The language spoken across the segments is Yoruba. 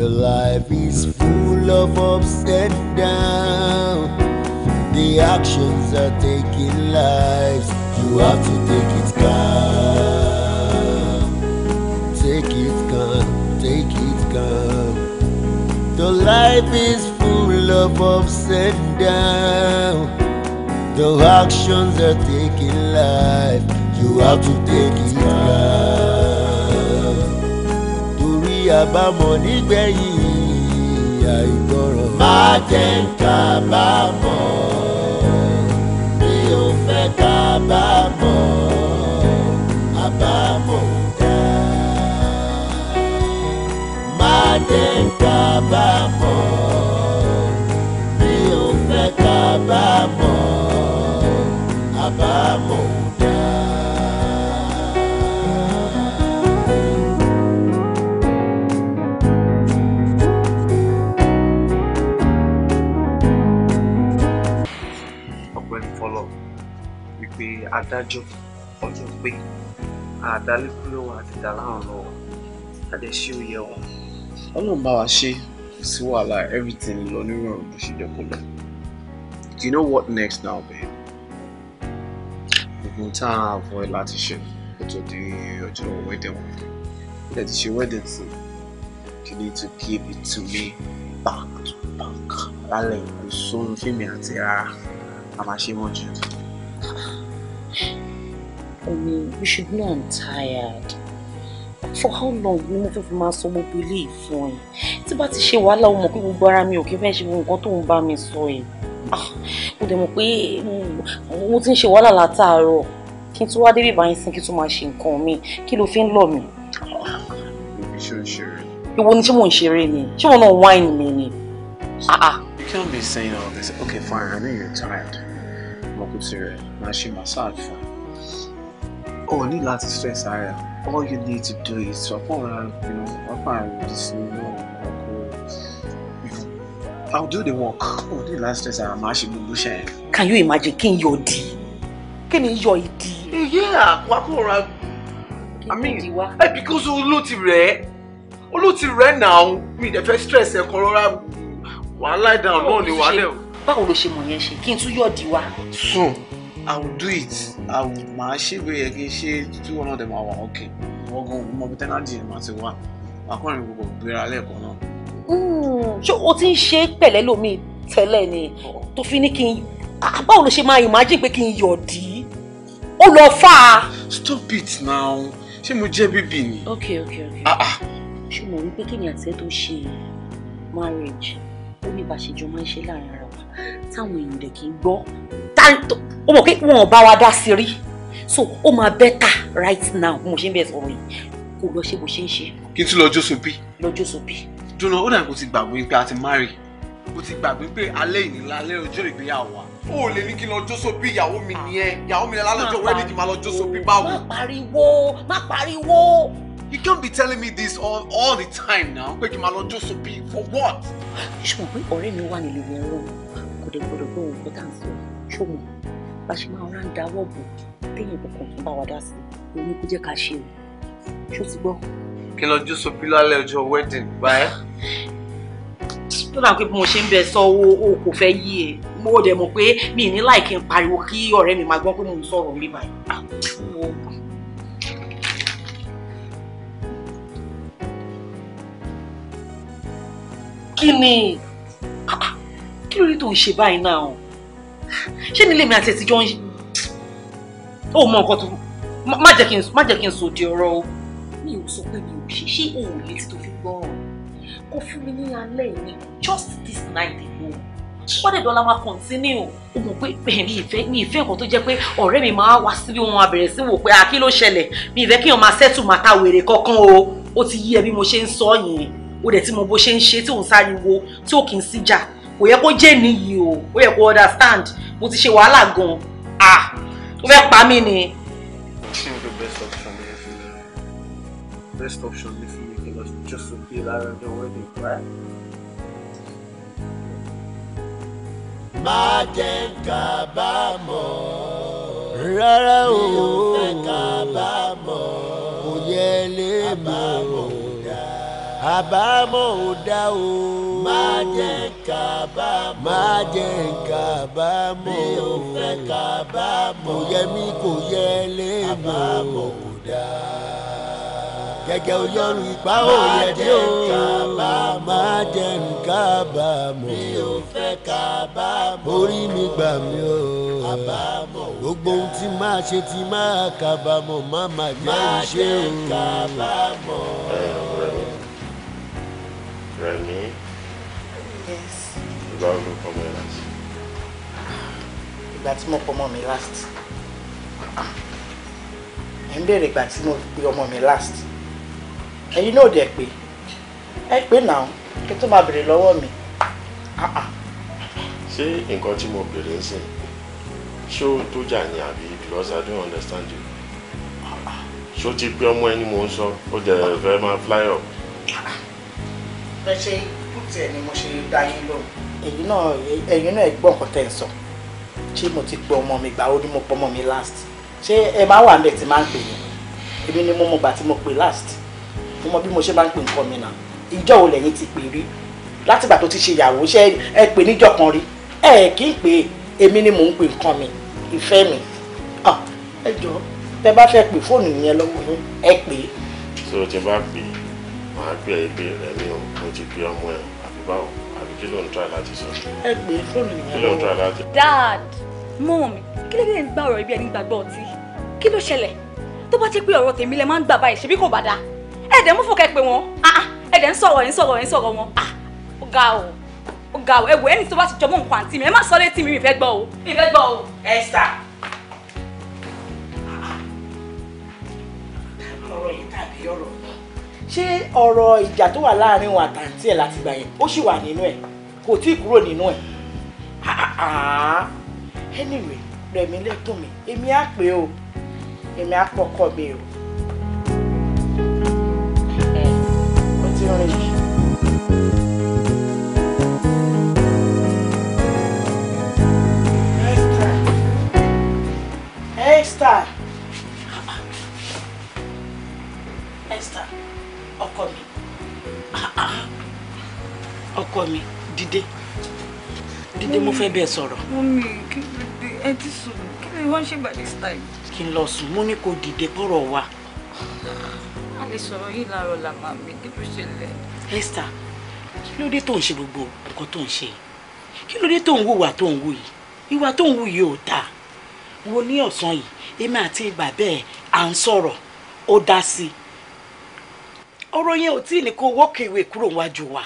The life is full of ups and downs. The actions are taking lives. You have to take it calm. Take it calm, take it calm. The life is full of ups and downs. The actions are taking life. You have to take it calm. àbámọ̀ nígbẹ̀yìn àìgbọràn. má jẹ́ ń kábàámọ̀ mi ò fẹ́ kábàámọ̀ àbámọ̀ dá. má jẹ́ kábàámọ̀. adájọ́ ọjọ́ pé àdálékú lọ́wọ́ àti dàláhùn lọ́wọ́ àdẹ̀ṣe òye wa. ọlọ́run bá wa ṣe sí wàhálà everything lọ nírọ̀rùn bó ṣe jẹ́ kó lọ. do you know what next now babe? gbogbo tá a fọ ẹ láti ṣe kó tó di ọjọ́ wedding wọn. ó dẹ̀ ti ṣe wedding sí you need to give it to me back to back lálẹ́ ìgbésóhun fíìmù àti rárá a máa ṣe mọ́jú for me. You should know I'm tired. For how long ni mo fẹ́ fi máa sọ gbogbo ilé ìfún ẹ? Tí bá ti ṣe wàhálà o mọ̀ pé gbogbo ara mi ò kí fẹ́ ṣe gbogbo nǹkan tó ń bá mi sọ ẹ̀. Ah, mo dẹ̀ mọ̀ pé hmm, mo ti ń ṣe wàhálà látàárọ̀. Kí n tún wá débì báyìí sin kí n tún máa ṣe nǹkan mi. Kí ló fi ń lọ̀ mí? Ṣé o ń ṣeré? Ìwọ ni ṣé mo ń ṣeré ni? Ṣé wọn náà wáìnì mi ni? Ah, ah. You can't be saying all this. Okay, fine, I know you're tired. Mo kò tirẹ̀, máa ṣe massage fún o ní láti stress ara all you need to do is ọ̀pọ̀ra ọ̀pọ̀ra ìdísí ọkọ̀ I'll do the work o ní láti stress ara máa ṣe gbogbo iṣẹ́ yẹn. Can you imagine kí n yọ di kí ni yọ ìdí. iye àpò àpòra I mean ẹ eh, because olú ti rẹ̀ olú ti rẹ̀ náà mi ò fẹ́ stress ẹ̀ kan rọra wàhálà ìdáhùn náà ni wàhálà. báwo ló ṣe mọ̀ yẹn ṣe kí n tún yọ̀ di wa. sùn. So, I will do it I will máa ṣe bí yẹ kí n ṣe tí wọn náà dẹ̀ máa wà okay wọ́n gan ọmọ bíi tẹ́nàdì yẹn máa ti wà akọrin gbogbo gbéra lẹ́ẹ̀kan náà. Hmm. ṣé o ti ń ṣe pẹ̀lẹ́ lómi tẹ́lẹ̀ ni tó fi ní kí n ah, báwo ló ṣe máa imagine pé kí n yọ̀ dí ó lọ fà á. stop it now ṣé mo jẹ́ bíbí ni. ok ok ok ah, ah. ṣé mo rí pé kí ni àtẹ tó ṣe marriage ó ní bá ṣe jọ máa ń ṣe láàárín ara wa táwọn èèyàn dẹ̀ kì tanto o mọ̀ pé wọn ò bá wa dá sí rí so ó máa better right now mo ṣe ń bẹ̀ sọ̀rọ̀ yìí kò lọ ṣe bó ṣe ń ṣe. kí n tún lọ jóso bí. lọ jóso bí. dùnà ó dàn kó ti gbàgbé pé a ti marry kó ti gbàgbé pé alẹ́ ìnira alẹ́ ọjọ́ ìgbéyàwó wa. ó lè ní kí n lọ jóso bí ìyàwó mi nìyẹn ìyàwó mi lálẹ́ ọjọ́ wedding máa lọ jóso bí báwo. má pariwo má pariwo. you can't be telling me this all, all the time now pé kí n máa lọ jóso bí for what. ṣùgbọ́n pé ọ̀rẹ́ mi wà nílùú yẹn rọrùn kò dé gbọdọ̀ gbọ́ ṣọmọ bá ṣe máa rán dáwọ́ bò téèyàn kankan tó bá wa dá sí i òun kò jẹ́ ká ṣe o ṣó ti gbọ́. kí lọ jó sopi lálẹ́ ọjọ́ wedding gba ẹ́. tó dà pé bí mo ṣe ń bẹ sọ o kò fẹ́ yí e mo dẹ̀ mọ̀ pé mi ní láì kí n pariwo kí ọ̀rẹ́ mi máa gbọ́n pé mo ń sọ̀rọ̀ mi báyìí. kí ni kí ló dé tó ń ṣe báyìí náà ṣé nílé mi àti ẹ̀tìjọ́ ń ó mọ nǹkan tó má jẹ́ kí n sọ di ọ̀rọ̀ o mi ò sọ pé mi ò ṣe ṣé o ò létí tó fi gbọ́ ọ̀rọ̀ kò fún mi ní alẹ́ yìí just this night ago wọ́dẹ̀ dọ́là máa continue o mọ̀ pé mi ìfẹ́ mi ìfẹ́ nǹkan tó jẹ́ pé ọ̀rẹ́ mi máa wá síbí wọn abẹ̀rẹ̀ sí wò pé àkí ló ṣẹlẹ̀ mi ìfẹ́ kí wọn máa settle màtá wèrè kankan o ó ti yí ẹ bí mo ṣe ń sọ yẹn o dẹ̀ tí mo bó ṣe ń ṣe tí òun sáriwo tí ò kì í síjà kò yẹ kó jẹ́ níyì o ó yẹ kó understand mo ti ṣe wàhálà gan ah ó fẹ́ pa mí ni. best option ni fún best option ni fún mi just to pay lára ọjọ́ wedding right. má jẹ́ kábàámọ̀ rárá o má kò yẹ lè mọ̀ àbámọ̀ ò dá o. má jẹ́ kábàámọ̀. má jẹ́ kábàámọ̀. mi ò fẹ́ kábàámọ̀. kò yẹ mí kò yẹ lẹ́nu. àbámọ̀ ò dá. gẹ́gẹ́ oyọ́rùn ìpá ò yẹ dé o. má jẹ́ kábàámọ̀. mi ò fẹ́ kábàámọ̀. orí mi gbà mí o. àbámọ̀ ò dá. gbogbo ohun tí máa ṣe ti máa kábàámọ̀ má má jẹ́ ìṣe o. má jẹ́ kábàámọ̀. Remy. Yes. Ìgbà wo ló for mọ́ last? Ìgbà tí mo pọ̀ mọ́ last. I'm ń béèrè ìgbà tí for pe ọmọ last. And you know pé ẹ pé náà kí tó máa béèrè lọ́wọ́ mi. Ṣé nǹkan tí mo béèrè ń sìn? Ṣé ó tó jà because I don't understand you? Show o ti pé ọmọ ẹni mò ń sọ? fly up bẹ́ẹ̀ ṣe put ẹ̀ ni mo ṣe dá yín lọ. èyí náà ẹ̀yin náà gbọ́ nǹkan tẹ̀ ń sọ ṣé mo ti pè ọmọ mi gbà ó ní mo pọ ọmọ mi last ṣé ẹ máa wà níbẹ̀ tí máa ń pè yín èmi ni mo mọ gbà tí mo pè last mo mọ bí mo ṣe máa ń pè nǹkan mi náà ìjọ wo lẹ́yìn ti pè rí látìgbà tó ti ṣe ìyàwó ṣé ẹ pè níjọ kan rí ẹ kì í pè èmi ni mò ń pè nǹkan mi ìfẹ́ mi ah, ẹ jọ tẹ bá fẹ́ pè fóònù yẹn lọ́wọ́ ẹ pè é. sọ̀rọ̀ tí bá pè é máa gbé ẹ gbé rẹ ní o mo ti gbé ọmọ ẹ àbí báwo àbí kí ló ń try láti sọ. ẹ gbé fóònù yẹn lọ kí ló ń try láti. dad mom kí ló dé ń gbá ọ̀rọ̀ ibi ẹni gbàgbọ́ ọtí kí ló ṣẹlẹ̀ tó bá jẹ́ pé ọ̀rọ̀ tèmi lẹ máa ń gbà báyìí ṣebí kò bá dáa ẹ̀dẹ̀ mú fòkẹ́ pé wọn ah, ah, ẹ̀dẹ̀ ń sọ̀rọ̀ ń sọ̀rọ̀ ń sọ̀rọ̀ wọn ah, ó ga o ó ga o ẹ̀wọ̀ ẹni tó bá ti jọmọ́ nǹkan àǹtí mi ẹ má sọ létí mi mi fẹ́ gbọ́ o mi fẹ́ gbọ́ o. Esther ọ̀rọ̀ yìí tàbí ọ̀rọ̀ ṣé ọ̀rọ̀ ìjà tó wà láàrin òun àtàǹtí ẹ̀ láti gbà yẹn ó sì wà nínú ẹ̀ kò tí ì kúrò nínú ẹ̀ anyway rẹ̀mí lẹ́tọ̀ mi èmi á pè o èmi á pọkọ mi o Esther. Esther ọkọ mi ọkọ mi dìde dìde mo fẹ́ bẹ́ẹ̀ sọ̀rọ̀. mọ́mí kí ló dé ẹ ti sùn kí ló wọ́n ṣe by this time. kí n lọ sùn mo ní kó dìde bọ́rọ̀ wa. a lè sọ̀rọ̀ yìí láàárọ̀ la máa mi kí ló ṣẹlẹ̀. Esther kí ló dé tó ń ṣe gbogbo nǹkan tó ń ṣe kí ló dé tó ń wùwà tó ń wù yìí ìwà tó ń wù yìí ò dáa wo ní ọ̀sán yìí èmi àti bàbá ẹ̀ à ń sọ̀rọ̀ ó dá sí i ọ̀rọ̀ yẹn ò tí ì ní kó wọ́ọ̀kì ìwé kúrò wájú wa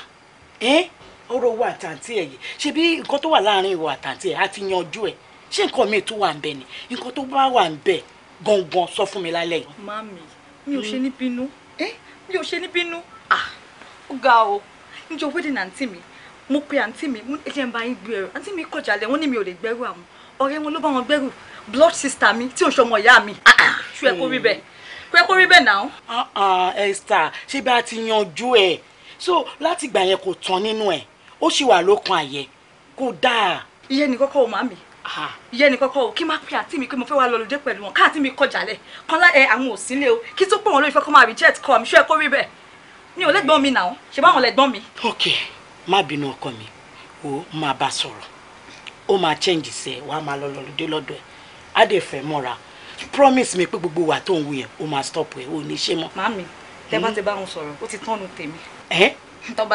ọ̀rọ̀ wa àtàntì ẹ̀ yìí ṣebí nǹkan tó wà láàrin ìwà àtàntì ẹ̀ á ti yanjú ẹ̀ ṣé nǹkan míì tó wà ń bẹ ni nǹkan tó bá wà ń bẹ gangan sọ fún mi lálẹ́ yìí. mami mi ò ṣe ní bínú mi ò ṣe ní bínú ó ga o níjọ wedding àǹtí mi mo pe àǹtí mi mo ẹjẹ ń bá yín gbé àǹtí mi kọjálẹ̀ wọ́n ní mi ò lè gbẹ́rù àwọn ọ̀rẹ́ wọn ló bá wọn gbẹ́rù blood sister mi tí ò ṣọmọ ìyá mi ah, ah. ṣú ẹ kó rí bẹ́ẹ̀ kò yẹ kó rí bẹ́ẹ̀ náà. Ah, ah, Esther ṣé bá a ti yanjú ẹ̀ so láti ìgbà yẹn kò tán nínú ẹ̀ ó sì wà lókun àyẹ̀ kò dáa. iye ní kọ́kọ́ o máa mi iye ah. ní kọ́kọ́ o kí má pe àǹtí mi pé mo fẹ́ wá lọ́lọ́dé pẹ̀lú wọn káàtì mi kọjá lẹ̀ kọ́lá ẹ àwọn ò sílé o kí tó pọ̀ wọn lórí fẹ́ kọ́ máa reject kọ́ mi ṣé ẹ kó rí bẹ́ẹ̀ mi ò lẹ́gbọ́n mi náà ṣe báwọn lẹ́gbọ́n mi. ok má bínú ọkọ mi o máa bá sọ̀rọ̀ ó máa change sẹ́ wàá máa lọ lọ́lọ́dé lọ́dọ̀ ẹ̀ á dẹ̀ fẹ́ mọ́ra promise mi pé gbogbo wà tó ń wù yẹn o máa stop ẹ o ní ṣe mọ́. màámi tẹ bá hmm? ti bá wọn sọ̀rọ̀ ó ti tọ́nu tèmi. ẹ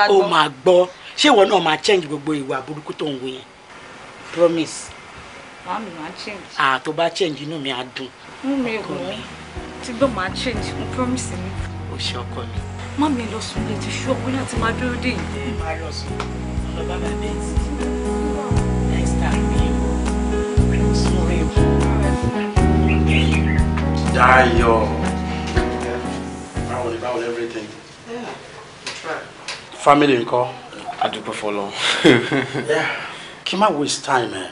o máa gbọ́ ṣé ìwọ náà máa change gbogbo ìwà burúkú tó ń wù yẹn promise. màámi máa change. àà tó bá change inú mi á dùn. inú mi ò mọ tí gbọ́n máa change mo promise mi. o ṣe ọkọ mi. má mi lọ sùn lè ti ṣú ọkùnrin àti máa dúró dé yìí. ẹ máa lọ sùn lọ bá bàbá ẹ ti. Die yo. ni about everything? Yeah, that's right. Family call. I do prefer long. Yeah. Kima waste time ẹ̀. Eh?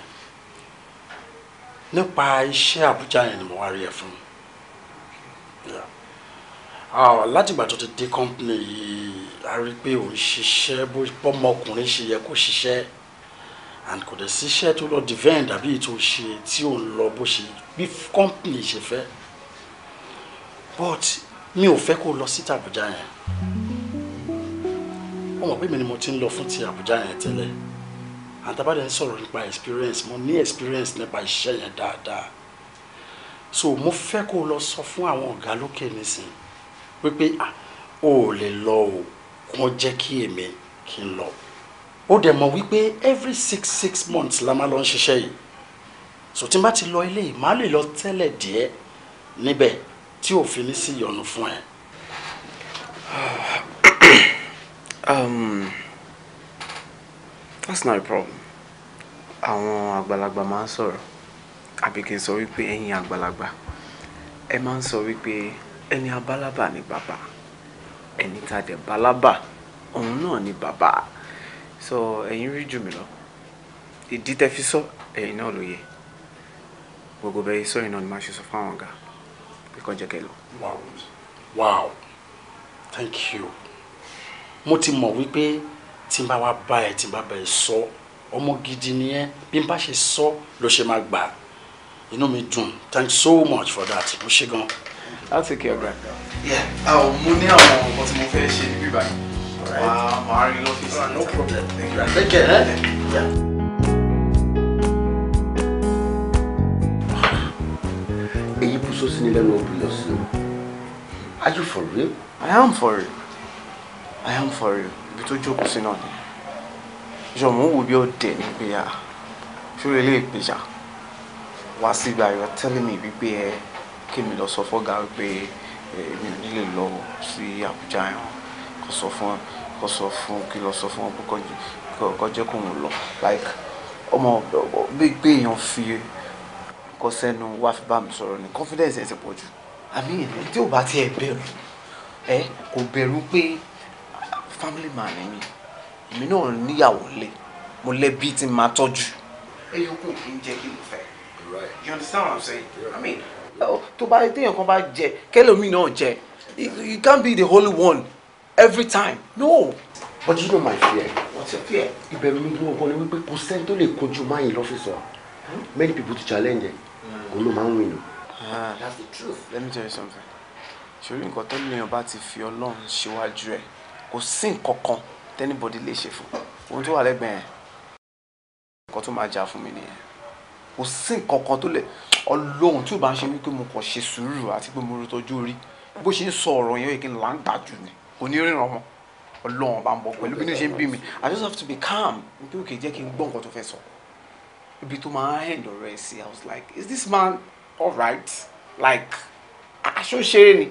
Nípa iṣẹ́ Àbújá yẹn ni mo wá rí Yeah. Ah, Látìgbà tó ti dé company yìí, a rí pé òun ṣiṣẹ́ bó ọmọkùnrin ṣe yẹ kó ṣiṣẹ́ and kò dẹ̀ sí iṣẹ́ tó lọ defend àbí ètò ṣe tí ò lọ bó ṣe bí company ṣe fẹ́ but mi ò fẹ́ kó lọ síta Àbújá yẹn wọ́n mọ̀ pé mi ni mo ti ń lọ fún ti Àbújá yẹn tẹ́lẹ̀ àtàbàdà ń sọ̀rọ̀ nípa experience mo ní experience nípa iṣẹ́ yẹn dáadáa so mo fẹ́ kó lọ sọ fún àwọn ọ̀gá lókè nísìn wípé ah o ò lè lọ o kàn jẹ́ kí èmi kí n lọ ó dẹ̀ mọ̀ wípé every six six months la máa lọ ń ṣiṣẹ́ yìí so tí n bá ti lọ ilé yìí màá lè lọ tẹ́lẹ̀ díẹ̀ níbẹ̀ tí ò fi ní sí ìyọnu fún ẹ. Um, that's not a problem àwọn àgbàlagbà máa ń sọ̀rọ̀ àbí kí n sọ wípé ẹ̀yin àgbàlagbà ẹ máa ń sọ wípé ẹni abálábà ni bàbá ẹni tàdé bálábà òun náà ni bàbá so ẹ̀yin rí jù mí lọ ìdí tẹ́ fi sọ ẹ̀yin náà ló yẹ gbogbo bẹ́ẹ̀ sọ yìí náà ni máa ṣe sọ fáwọn ọ̀gá pé kó jẹ́ kẹ́ wow wow thank you mo ti mọ̀ wípé tí n bá wá bá ẹ tí n bá bá ẹ sọ ọmọ gidi nìyẹn bí n bá ṣe sọ ló ṣe máa gbà inú mi dùn thank you so much for that mo ṣe gan. láti kí ọgbà. mo ní àwọn ọkọ tí mo fẹ́ ṣe ní bíbáyìí. Wow, Mario, no problem. No problem. Thank you. Take care. Eh? Yeah. Èyí Are you for real? I am for real. I am for real. Ibi tó jókòó sí náà ni. Ìjọ mò ń wo bí ó dẹ̀ ní ìgbéyà. Ṣúrẹ́ ilé ìgbéjà. Wá sí ìgbà yọ tẹ́lẹ̀ pay? wípé ẹ kí mi lọ sọ fọ́gà wípé èmi ò ní lè lọ sí Àbújá ẹ̀wọ̀n. Kò kó sọ fún kí lọ sọ fún wọn pé kó jẹ́ lọ like ọmọ bí gbé èèyàn fi kọ sẹ́nu wá fi bá mi sọ̀rọ̀ ni confidence ẹ̀ ti pọ̀ jù àmì ìrìn tí ò bá tiẹ̀ bẹ̀rù ẹ kò bẹ̀rù pé family man ni mi èmi náà níyàwó lé mo lẹ́bí tí máa tọ́jú. ẹ yòókù kì í jẹ́ kí n fẹ́ you understand what i'm saying i mean tó bá téèyàn kan bá jẹ kẹlòmíì náà jẹ you can't be the only one every time no. but you know my fear. what's your fear. ìbẹ̀rù mi gbọ́n kan ni wípé kò sẹ́ni tó lè kojú máyì lọ́fíìsì wa hmm? many people to challenge ẹ̀ hmm. òun ló máa ń win ah, that's the truth. let me tell you something ṣòrí nǹkan tó lèèyàn bá ti fi ọlọ́run ṣíwájú ẹ̀ kò sí nǹkan kan tẹ́nibọ́dì lè ṣe fún ohun tó wà lẹ́gbẹ̀ẹ́ yẹn nǹkan tó máa jà fún mi nìyẹn kò sí nǹkan kan tó lè ọlọ́run tí ò bá ṣe wípé mo kàn ṣe sùúrù àti pé mo rí tọ́jú orí bó ṣe ń sọ ọ̀rọ̀ yẹn yẹ kí n là ń gbàjú ni onírìnrìn ọmọ ọlọ́run bá ń bọ̀ pẹ̀lú bí ní ṣe ń bí mi i just have to be calm bí òkè jẹ́ kí n gbọ́ nǹkan tó fẹ́ sọ ibi tó máa end ọ̀rọ̀ ẹ̀ sí i was like is this man alright like aṣọ ṣeré ni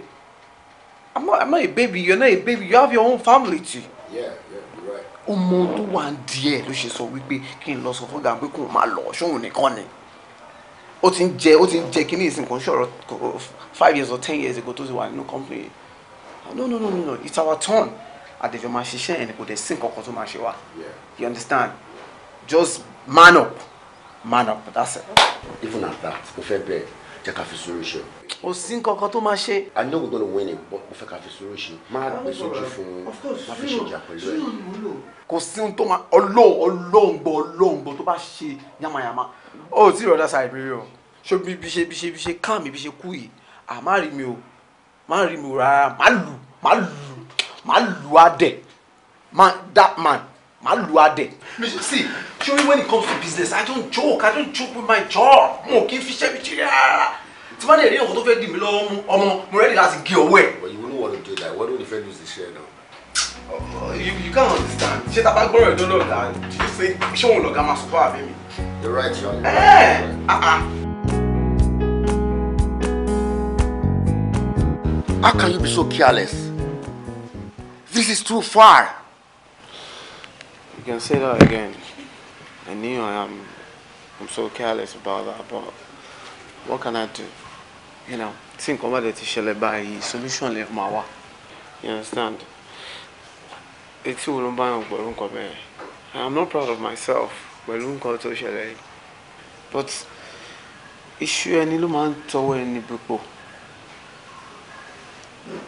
i'm not i'm not a baby you're not a baby you have your own family too. yeah yeah you're right. ọmọ tó wà ń díẹ̀ ló ṣe sọ wípé kí n lọ sọ fún gàmbé kó o máa lọ ṣóun nìkan ni ó ti ń jẹ ó ti ń jẹ kí ní ìsìn kan five years or ten years ago tó ti wà nínú company yìí no no no no no it's our turn àdèjọ máa ṣiṣẹ́ ẹni kò dẹ̀ sí nǹkan kan tó máa ṣe wá you understand just man up man up that's it. even at that mo fẹ́ bẹ̀ jẹ́ ká fi sùúrù ṣe. kò sí nǹkan kan tó máa ṣe. i know we gonna win it but mo fẹ́ ká fi sùúrù ṣe máa gbé sójú fún má fi ṣe ìjà pẹ̀lú ẹ̀. kò sí ohun tó máa ọlọ́ọ̀ ọlọ́ọ̀ gbọ́ ọlọ́ọ̀ gbọ́ tó bá ṣe yamayama ó tí ìrọ̀dá sáré rí o ṣé bí ṣe bí ṣe bí ṣe káàmì bí ṣe kú yìí àmárì mi o má rí mi rárá má lù má lù má lù á dẹ̀ má that man má lù á dẹ̀. mr c surely when it comes to business i don't joke i don't joke with my job mo kì í fi ṣe mi ṣe rárá tí wọ́n lè rí ọ̀hún tó fẹ́ dì mí lọ́wọ́ mú ọmọ mo rẹ́ẹ̀dì láti gé ọwọ́ ẹ̀. but you know what to do that why don't you first use the share now. Uh, you, you can't understand ṣé tá a bá gbọ́rọ̀ ẹ̀dọ́ lọ́gàá ṣé òun lọ́gàá máa sọ fún àbí mi. you're right you're right. ẹ ẹ ah, ah. How can you be so careless? This is too far. You can say that again. I knew I am. I'm so careless about that, but what can I do? You know, think about it. Ṣẹlẹ̀ báyìí solution lè máa You understand? Etí wo ló ń bá yàn pẹ̀lú nǹkan bẹ́ẹ̀? I'm not proud of myself pẹ̀lú nǹkan tó ṣẹlẹ̀ yìí. But iṣu ẹni ló máa ń tọwọ́ ẹni pípò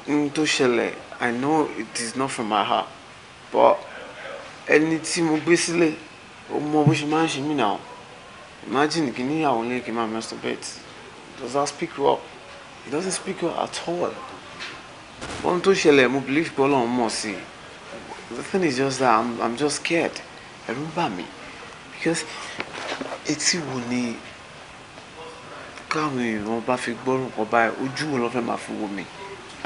n i know it is not from my heart but ẹni tí mo gbé sílẹ̀ ó mọ bó ṣe máa ń ṣe mí náà imagine kí níyàwó lé kí n máa masturbate does that speak well it doesn't speak well at all ohun tó ṣẹlẹ̀ mo believe pé ọlọ́run mọ̀ sí the thing is just that i'm, I'm just scared ẹ̀rù ń bà mí because etí wo ni káwọn èèyàn bá fi gbọ́rùn kan báyìí ojú wo ló fẹ́ máa fi wo mi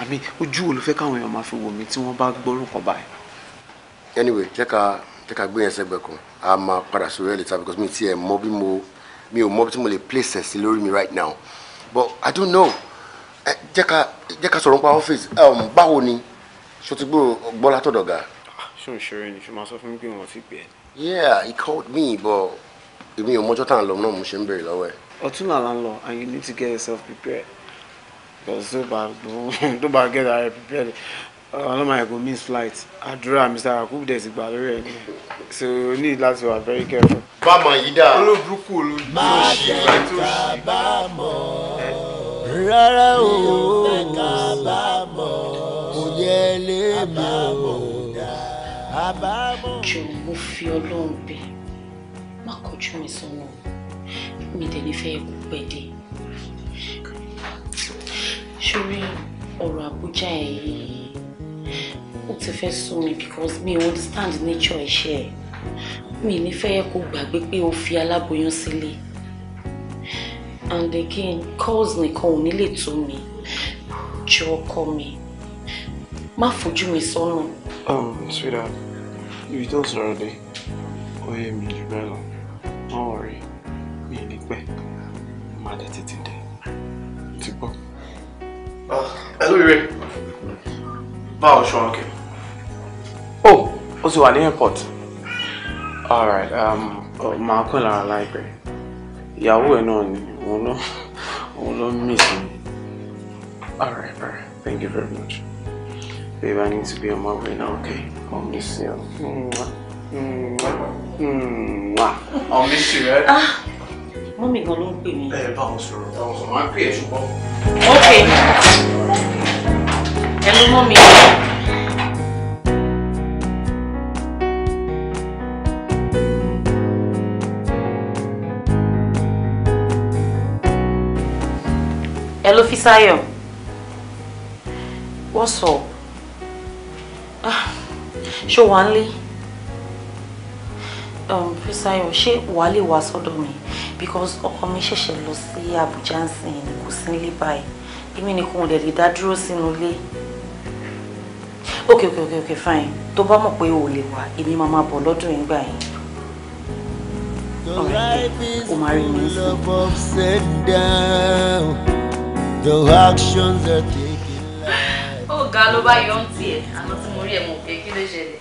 àmì ojú wo ló fẹ́ káwọn èèyàn máa fi wò mí tí wọ́n bá gbọ́rùn kan báyìí. anyway jẹ́ ká jẹ́ ká gbé yẹn sẹ́gbẹ̀ kan a máa padà sórí ẹ̀ later because mi ti ẹ̀ mọ bí mo mi ò mọ bí mo lè place ẹ̀ sí lórí mi right now but i don't know jẹ́ ká jẹ́ ká sọ̀rọ̀ nípa ọ́fíìsì um, báwo ni ṣòtúgbò gbọ́lá tọ̀dọ̀ ga. Ah, ṣé o ṣeré ni ṣé o máa sọ fún mi pé wọn ò pè é. yeah he called me but èmi ò mọjọ́ tá à ń lọ náà mo ṣe ń béèrè lọ́wọ́ ẹ̀. ọ̀túnla la ń lọ and you need to get yourself prepared because tó bá get our prepared ọlọ́mọ yẹn go miss flight àdúrà mr yakubu dẹ̀ ti gbà lórí ẹ̀ so you need láti wà very careful. bámọ̀ yìí dáa olóòdúkú olóòdúkú òṣì rẹ̀ tó ṣì. rárá o kò yẹ lé mi o. jù mo fi ọlọ́run bẹ́ẹ̀ má kọjú mi sọ́nà mi tẹ̀lé fẹ́ kú pẹ́ sórí ọ̀rọ̀ Àbújá ẹ̀ yìí ó ti fẹ́ sún mi because mi understand nature iṣẹ́ ẹ̀ mi ní fẹ́ kó gbàgbé pé ó fi aláboyún sílé and again calls nìkan ò ní lè tó mi jọ ọkọ mi má fojú mi sọ́nà. Um, sweetheart, you tó sọ̀rọ̀ dé, ó yé mi jù bẹ́ẹ̀ lọ. Má wọ̀rí, mi ò ní pẹ́, má dẹ̀ títí dé. Ti gbọ́. Ah, hello, Ire. How are you, kẹ? Oh, ó ti wà ní airport. Alright, um, máa kún lára láìpẹ́. Ìyàwó ẹ̀ náà ni òun ló òun ló miss me. Alright, alright, thank you very much. Babe, I need to be on my way now, okay? I'll miss you. Mwah. Mwah. Mwah. I'll miss you, right? Eh? Ah, mọ́mì gan ló ń pè mí. ẹ bá wọn sọ̀rọ̀ bá sọ̀rọ̀ máa ń pè é ṣùgbọ́n. ok ẹ ló mọ́mì. Hello, Fisayo. What's up? Ah, um, ṣé wà ń lé? Fisayo, ṣé wà lè wá sọ́dọ̀ mi? because ọkọ mi ṣẹ̀ṣẹ̀ lọ sí Abuja ń sìn ní kò sí nílé báyìí èmi nìkan ò lè lè dá dúró sínú ilé ok ok ok ok fine tó bá mọ̀ pé o lè wá èmi máa máa bọ̀ lọ́dún yìí gbà yín o máa rí mi sí. ó ga ló bá yọ ń tiẹ̀ àmọ́ tí mo rí ẹ̀ mọ̀ pé kí ló ṣẹlẹ̀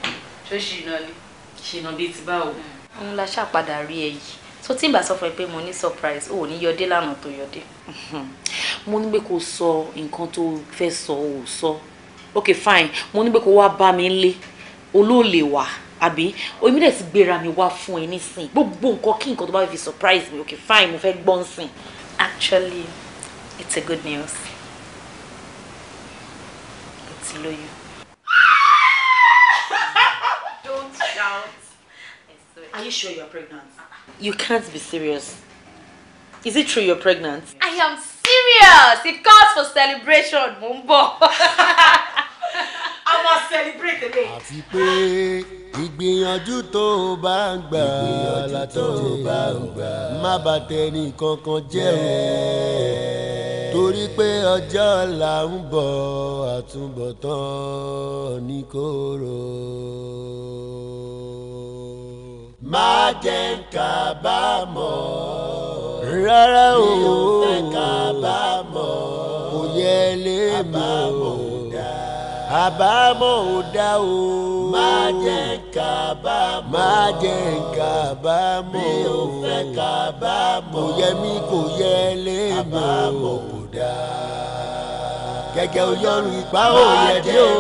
ṣó ṣì iná ni ṣì iná bíi ti báwo. òun la ṣàpadà rí ẹ yìí so tí n bá sọ fún ẹ pé mo ní surprise ò ní yọdé lánàá tó yọdé. mo ní pé kó sọ nǹkan tó fẹ́ sọ ò sọ ok fine mo ní pé kó wá bá mi lé olóòlè wà àbí omi dẹ̀ ti gbéra mi wá fún ẹ nísìn gbogbo nǹkan kí nǹkan tó bá fi surprise mi ok fine mo fẹ́ gbọ́n sìn. actually it's a good news mo ti lóyún. don't shout. Are you sure you are pregnant? You can't be serious. Is it true you're pregnant? I am serious. It calls for celebration, mò I must A máa celebrate today. Àti ìgbìyànjú tó o bá ń gbà la tó o bá ń gbà má bà tẹni kankan jẹ́ o. Torí pé ọjọ́ ọ̀la ń bọ̀ àtúbọ̀tán ní kóró má jẹ́ kábàámọ̀. rárá o mi ò fẹ́ kábàámọ̀. kò yẹ lè mọ̀ àbámọ̀ ò dá o. má jẹ́ kábàámọ̀. má jẹ́ kábàámọ̀. mi ò fẹ́ kábàámọ̀. kò yẹ mí kò yẹ lè mọ̀ àbámọ̀ ò dá gẹ́gẹ́ olórun ìgbà òye dé o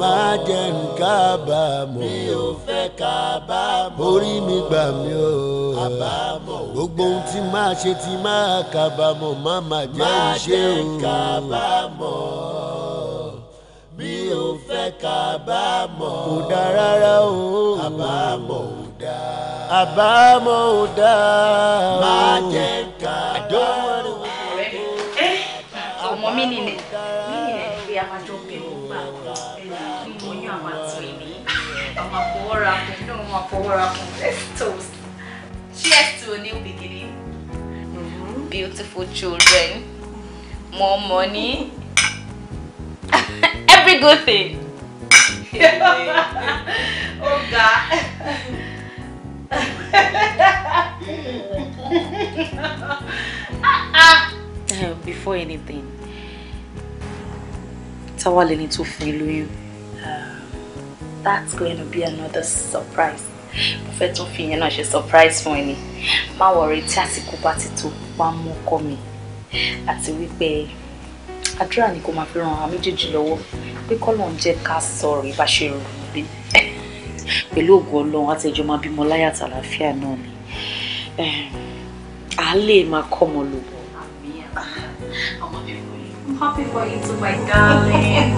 máa jẹ kábàámọ̀ mi ò fẹ́ kábàámọ̀ orí mi gbà mí o gbogbo ohun tí máa ṣe tí máa kábàámọ̀ má má jẹ́ ìṣe o. má jẹ kábàámọ̀ mi ò fẹ́ kábàámọ̀ kò dá rárá o àbámọ̀ ò dá àbámọ̀ ò dá má jẹ kábàámọ̀. fọwọ́ra fún let's toast cheers to a new beginning mm -hmm. beautiful children more money every good thing. oh God. uh, before anything Tawaleni tó fún lóyún uh, that's going to be another surprise mo fẹ́ tún fi ìyẹn náà ṣe surprise fún ẹ ni má wọrí tí àsìkò bá ti tó wá mú ọkọ mi àti wípé àdúrà ni kò máa fi ran àwọn méjèèjì lọ́wọ́ pé kọ́lọ̀ ń jẹ́ ká sọ̀rọ̀ ìbáṣe rò pẹ̀lú ògùn ọlọ́run àti ìjọ bímọ láyà àtàlàáfíà náà ni à á lè máa kọ́ ọmọ lò wọ́. I'm happy for you too, my darling.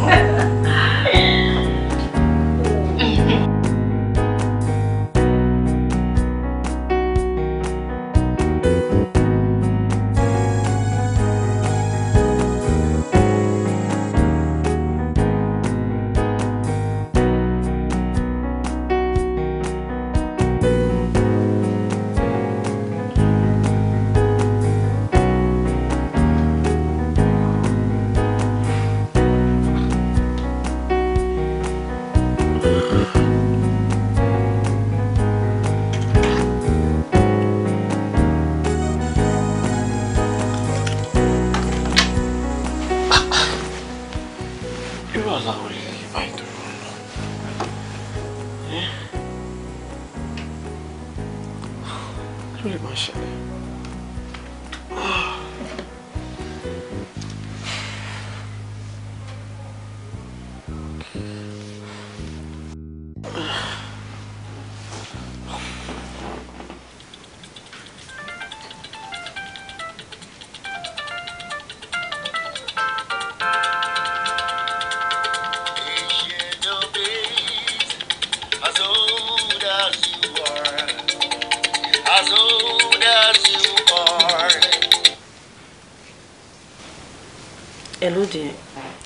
Hello, dear.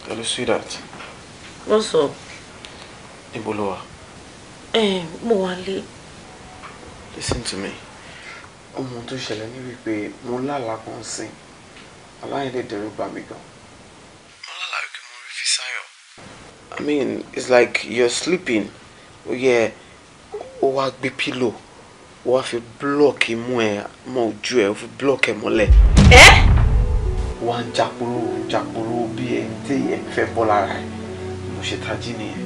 Hello, sweetheart. What's up? Ibo lo wà. Eh, mo wà nílé. Listen to me. Ọmọ tó ṣẹlẹ̀ ní wípé mo lálàá kan sí. Aláyẹn lè dẹ̀rù bà mí gan. Mo lálàá wípé mo rí Fisáyọ̀. I mean, it's like you're sleeping. Oh yeah, ó wá be pillow. Ó wá fi block imú e mo ju e ó fi block ẹ mọ́lẹ̀. Ẹ́. Wọ́n á jáporo, ẹni tí èmi fẹ́ bọ́ lára ẹ̀ mo ṣe tají nìyẹn.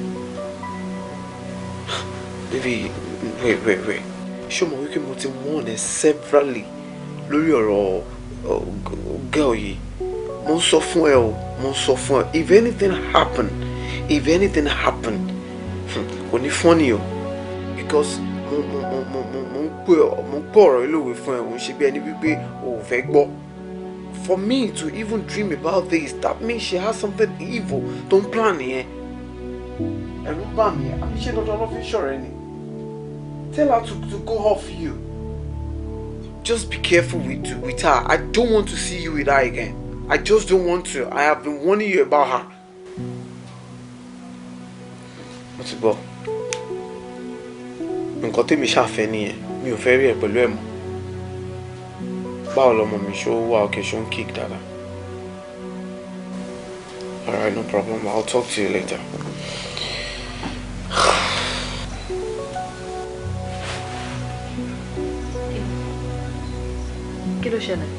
bébí wẹ̀wẹ̀wẹ̀ ṣé o mọ̀ wípé mo ti warn ẹ severally lórí ọ̀rọ̀ girl yìí mo ń sọ fún ẹ o mo ń sọ fún ẹ if anything happen if anything happen kò ní fọ́nì o because mo mo mo mo mo ń pè ọ̀rọ̀ yìí lòwe fún ẹ òun ṣe bí ẹni wípé o ò fẹ́ gbọ́ for me to even dream about this that means she has something evil Don't plan yẹn eh? ẹ̀rù bà mí àbí ṣé dandan ló fi ṣọ̀rọ̀ tell her to, to go off you just be careful with, with her I don't want to see you with her again I just don't want to I have been warning you about her. mo ti gbọ́ nǹkan tèmi ṣàfẹ́ nìyẹn mi ò fẹ́ rí ẹ pẹ̀lú ẹ̀ mọ́ báwo lọmọ mi ṣó wà òkè ṣó ń kick dáadáa. Alright, no problem. I'll talk to you later. Kí ló ṣẹlẹ̀?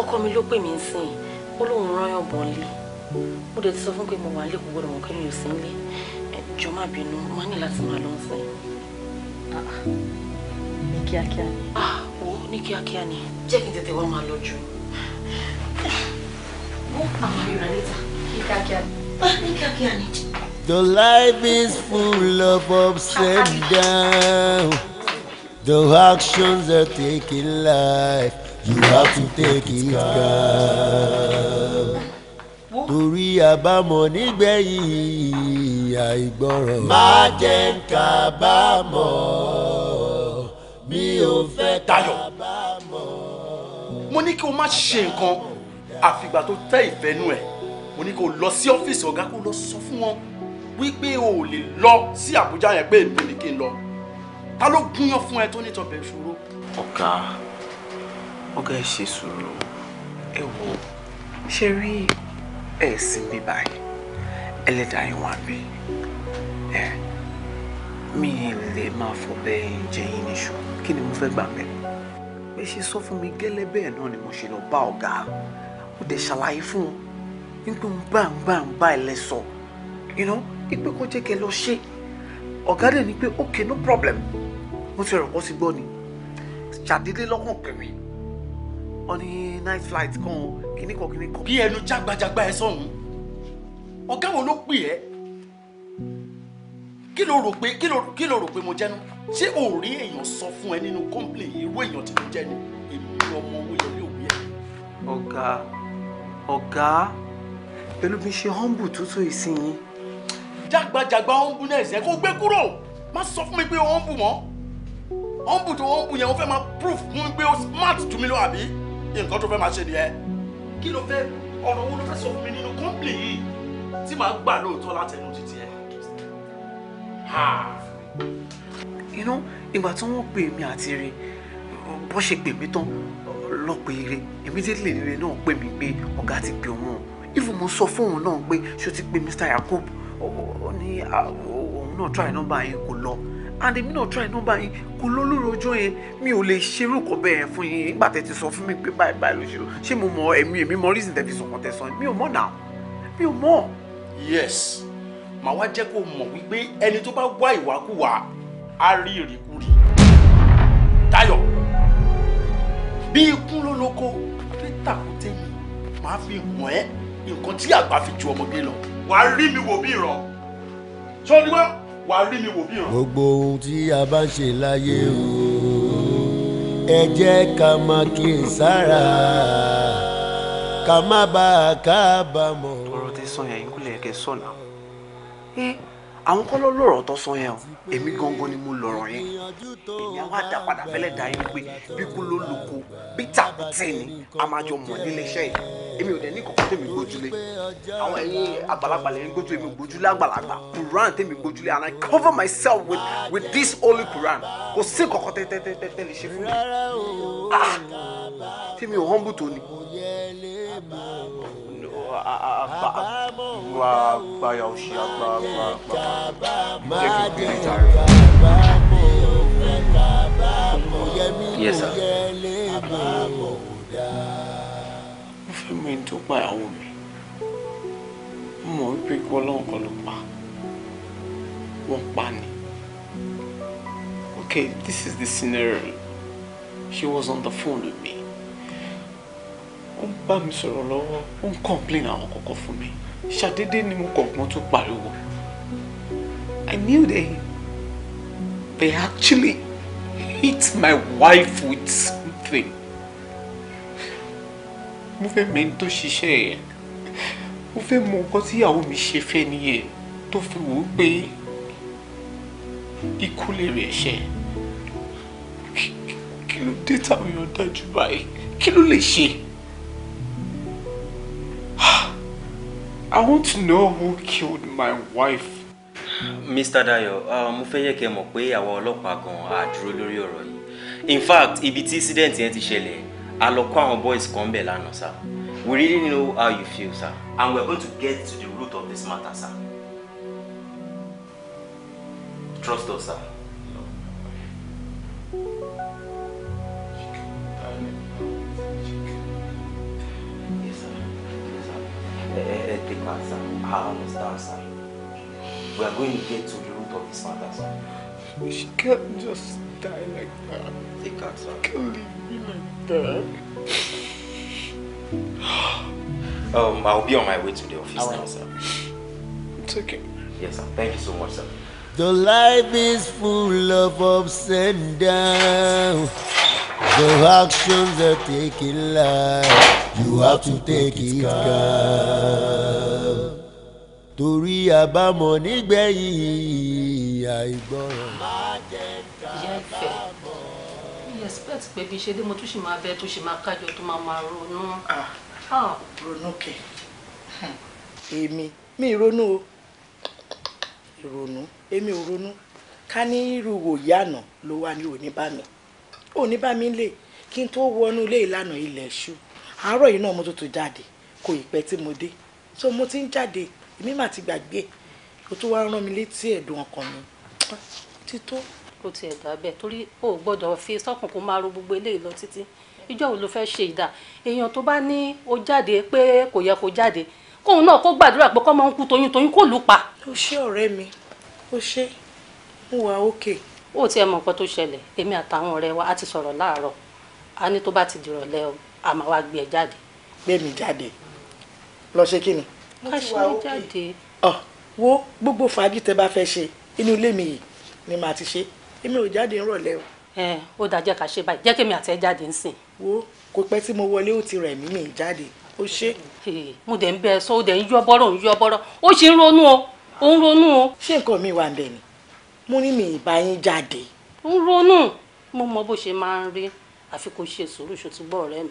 Ọkọ mi ló pè mí nsìn, ó lóun rányàn bọ̀ nílé. Mo dẹ̀ ti sọ fún pé mo wà nílé kò gbọ́dọ̀ mọ̀ pé mi ò sí nílé. Ẹ jọ̀ọ́ má bínú, mo máa ní láti máa lọ nsìn kíákíá. Ah, wo ní kíákíá ni jẹ́ kí n tètè wá máa lọ jù. Ah, The life is full of ups and downs. The actions that take in life, you have to take it calm. Torí àbámọ̀ nígbẹ̀yìn àìgbọràn. Má jẹ́ ń kábàámọ̀ mi ò fẹ́ kábàámọ̀. mo ní kí o má ṣe nǹkan àfìgbà tó tẹ́ ìfẹ́ nú ẹ̀ mo ní kí o lọ sí ọ́fíìsì ọ̀gá kó lọ sọ fún wọn wípé o ò lè lọ sí Àbújá yẹn pé èmi ni kí n lọ ta ló gúnyán fún ẹ tó ní tọbẹ̀ ìṣòro. ọ̀gá ọ̀gá ẹ ṣe sùúrù ẹ wo ṣe rí ẹ̀sìn mi báyìí ẹlẹ́dàá yín wà mí ẹ mi lè máa fọ bẹ́ẹ̀ jẹ́yìn níṣòro kí ni mo fẹ́ gbà mẹ́ bẹ́ẹ̀ ṣe sọ fún mi gẹ́lẹ́ bẹ́ẹ̀ náà ni mo ṣe lọ bá ọ̀gá mo dẹ̀ ṣàlàyé fún un nípa ń bá ń bá ń bá ẹ lẹ́sọ̀ you know ipe kò jẹ́ kẹ́ lọ ṣe ọ̀gá dẹ̀ ni pé ok no problem mo ti rọ̀ kọ́ sí gbọ́ ni ṣàdédé lọ́kàn kẹ̀mí wọ́n ní night flight kan kìnnìkan kìnnìkan. bí ẹnu jágbajàgba ẹ sọ̀hún ọ̀gá wo ló pè ẹ́ kí ló rò pé kí ló rò pé mo jẹ́nu ṣé o rí èèyàn sọ fún ẹ nínú complain irú èèyàn tí mo jẹ́ ni èmi ọmọ owó yẹn ní òwe ẹ. ọ̀gá ọ̀gá pẹ̀lú bí ṣe humble tútù ìsinyìí. jágbajàgba humbleness ẹ kó gbé kúrò má sọ fún mi pé o humble mọ́ humble tó humble yẹn o fẹ́ máa proof fún mi pé o smart jù mí lọ àbí nǹkan tó fẹ́ máa ṣe nìyẹn kí ló fẹ́ ọ̀rọ̀ wo ló fẹ́ sọ fún mi nínú complain yìí tí màá gbà lóòótọ́ látẹnu títí ẹ you know ìgbà tí wọ́n pè mí àti rè bó ṣe pè mí tán lọ pé rè immediately rè náà pè mí pé ọ̀gá ti pè wọ́n even mo sọ fóun náà pé ṣó ti pè Mr. Yakub ó ní òun náà try number yẹn kò lọ and èmi náà try number yẹn kò lọ lórí ọjọ́ yẹn mi ò lè ṣerú kọ bẹ́ẹ̀ fún yín nígbà tẹ́ ti sọ fún mi pé báyìí báyìí ló ṣe lọ ṣé mo mọ èmi èmi mọ reason tẹ́ fi sọ̀kan tẹ́ sọ mi ò mọ̀ náà mi ò mọ̀. yes màá wá jẹ́ kó mọ̀ wípé ẹni tó bá wá ìwàkuwà á rí ìrìkúrì Táyọ̀ bí ikú ló lóko pétàkùté mi máa fi hàn ẹ́ nǹkan tí àgbà fi ju ọmọdé lọ wàá rí mi wò bí ìran ṣọ́ ni wọ́n wàá rí mi wò bí ìran. gbogbo ohun tí a bá ń ṣe láyé o ẹ jẹ́ ká máa kíyèsára ká má bàa kábàámọ̀. ọ̀rọ̀ tẹ sọ yẹn kúlẹ̀ kẹ sọ̀nà àwọn kọ́ ló lọ́rọ̀ tó sọ yẹn o èmi gangan ni mo lọ́rọ̀ yẹn èmi àwọn àdàpadà fẹ́lẹ̀ dá yín pé bí kú ló lóko bí tàbítì ni a máa jọ mọ̀ nílé iṣẹ́ yìí èmi ò dẹ̀ ní kọ̀kọ́ tèmi gbójúlé àwọn ẹ̀yin àgbàlagbà lẹ́yìn gbójú èmi gbójúlé àgbàlagbà Quran tèmi gbójúlé and I cover myself with with this holy Quran kò sí kọ̀kọ́ tẹ́tẹ́tẹ́tẹ́ lè ṣe fún mi ah tèmi ò humble tó ni. Yes, sir. Fún mi tó pàyàwó mi, mo mọ̀ wípé kí ọlọ́run kan ló pa, wọ́n pa ni. Okay, this is the scenario. She was on the phone with me. ó ń bá mi sọ̀rọ̀ lọ́wọ́ ó ń complain àwọn kọ̀ọ̀kan fún mi ṣàdédé ni mo kọ̀ọ̀gbọ́n tó pariwo I knew they they actually hit my wife with something mo fẹ́ mẹ́ni tó ṣiṣẹ́ yẹn mo fẹ́ mọ nǹkan tí ìyàwó mi ṣe fẹ́ nìyẹn tó fi wò ó pé ikú lè rẹ̀ ṣe kí ló dé táwọn èèyàn dájú báyìí kí ló lè ṣe. I want to know who killed my wife. Mr. Dayo, uh, mo fẹ́ yẹ kẹ́ mọ̀ pé àwa ọlọ́pàá gan-an á dúró lórí ọ̀rọ̀ yìí. In fact, ibi tí incident yẹn ti ṣẹlẹ̀, a lọ kó àwọn boys kan bẹ̀ lánàá, sir. We really know how you feel, sir. And we're going to get to the root of this matter, sir. Trust us, sir. No. ethic matter, how is that, sir? We are going to get to the root of this matter, sir. She can't just die like that. Take her, sir. She can't leave me like that. um, I'll be on my way to the office right. now, sir. It's okay. Yes, sir. Thank you so much, sir. The life is full of ups and downs. The actions are taking life. You have to take it calm. Torí àbámọ̀ nígbẹ̀yìn àìgbọràn. Ìyá ìfẹ́, mi expect pé bí ṣe dé mo tún ṣì máa bẹ tó ṣì máa kájọ tó máa máa ronú. Ah, ah. Ronú kẹ̀. Èmi, mi ronú o ronú èmi ò ronú ká ní irú wòye àná ló wà ní òní bá mi òní bá mi lè kí n tó wọnú ilé ìlànà ilẹ̀ ṣú àárọ̀ yìí náà mo tún jáde kò ì pẹ́ tí mo dé so mo ti ń jáde èmi mà ti gbàgbé o tún wá rán mi létí ẹ̀dùn ọkàn mi ti tó. o ti ẹ̀dá bẹ́ẹ̀ torí o ò gbọ́dọ̀ fi sọ́kùn kó máa ro gbogbo eléyìí lọ títí ìjọ́ wo ló fẹ́ ṣe ìdá èèyàn tó bá ní o jáde pé kò yẹ kó jáde kóun náà kó gbàdúrà pé kọ́mọ ń kú toyún toyún kó lù pa. ó ṣe ọ̀rẹ́ mi ó ṣe ń wà òkè. ó tiẹ̀ mọ̀ nǹkan tó ṣẹlẹ̀ èmi àtàwọn ọ̀rẹ́ wa á ti sọ̀rọ̀ láàárọ̀ a ní tó bá ti dìrọ̀lẹ́ o a máa wá gbé ẹ jáde. gbé mi jáde lọ ṣe kí ni. ká ṣe é jáde. ọ wo gbogbo fàájì tẹ bá fẹ́ ṣe inú ilé mi yìí ni màá ti ṣe èmi ò jáde ńrọ̀lẹ́ o. ẹ ó dáa jẹ́ ká ṣe báyìí jẹ́ kémi àtẹ jáde ńsìn. wo kò pẹ́ tí mo wọlé ó ti rẹ̀ mí mi jáde o ṣe. mo dẹ̀ ń bẹ sọ ó dẹ̀ ń yọ bọ́rọ̀ ń yọ bọ́rọ̀ ó ṣe ń ronú o ó ń ronú o. ṣé nǹkan mi wà bẹ́ẹ̀ ni mo ní mi ìbá yín jáde. ń ronú mo mọ bó ṣe máa ń rí àfi kó ṣe sùúrù ṣòtúbọ̀ ọ̀rẹ́ mi.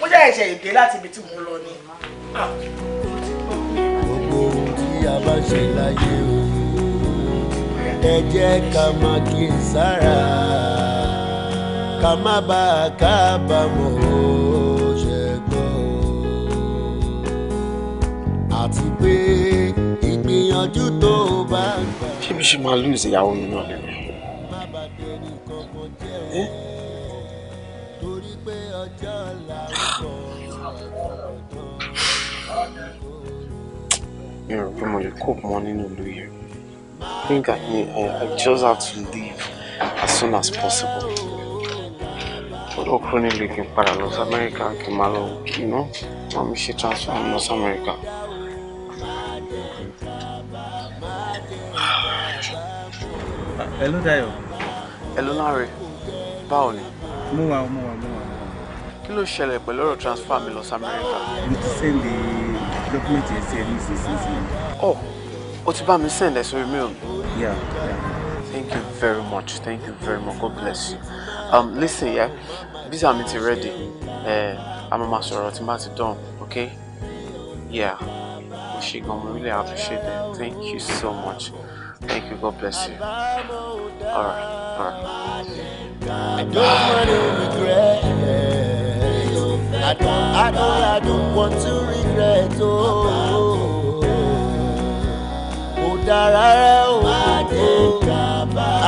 mo jẹ́ ẹ̀ṣẹ̀ ìgbé láti ibi tí mo lọ ni. gbogbo ohun tí a bá ṣe láyé o ẹ jẹ́ ká máa kí n sára ká má bàa kábàámọ̀ o. rántí pé ìgbìyànjú tó bá gbà. ṣé bí ṣe máa lose ìyàwó mi náà lẹ́nu. torí pé ọjọ́ ọ̀la ń bọ̀ ọ̀dọ́ mi rò pé mo lè cope mọ́ nínú ìlú yìí I think I, I, I just have to leave as soon as possible ó kúrò nílùú kí n padà lọ sí Amẹ́ríkà kí n máa lọ kí n náà máa mi ṣe transfer lọ sí Amẹ́ríkà. Hello Dayo. Hello Larry. Báwo ni? Mo wà mo wà mo wà. Kí ló ṣẹlẹ̀ pẹ̀lú ọ̀rọ̀ transfer mi lọ sí Amẹ́ríkà? Mo ti send the document yẹn sí ẹ ní ìsinsìnyí. Oh, o ti bá mi send ẹ sórí mail. Yeah, yeah. Thank you very much. Thank you very much. God bless you. Um, listen, yeah, visa mi ti ready. Uh, a máa ma sọ̀rọ̀ tí n bá ti dán, okay? Yeah. She gone really appreciate it. Thank you so much. Thank you. God bless you. All right. All right. I don't want to regret. I don't, I don't, I don't want to regret. Oh, ó dára oh. o.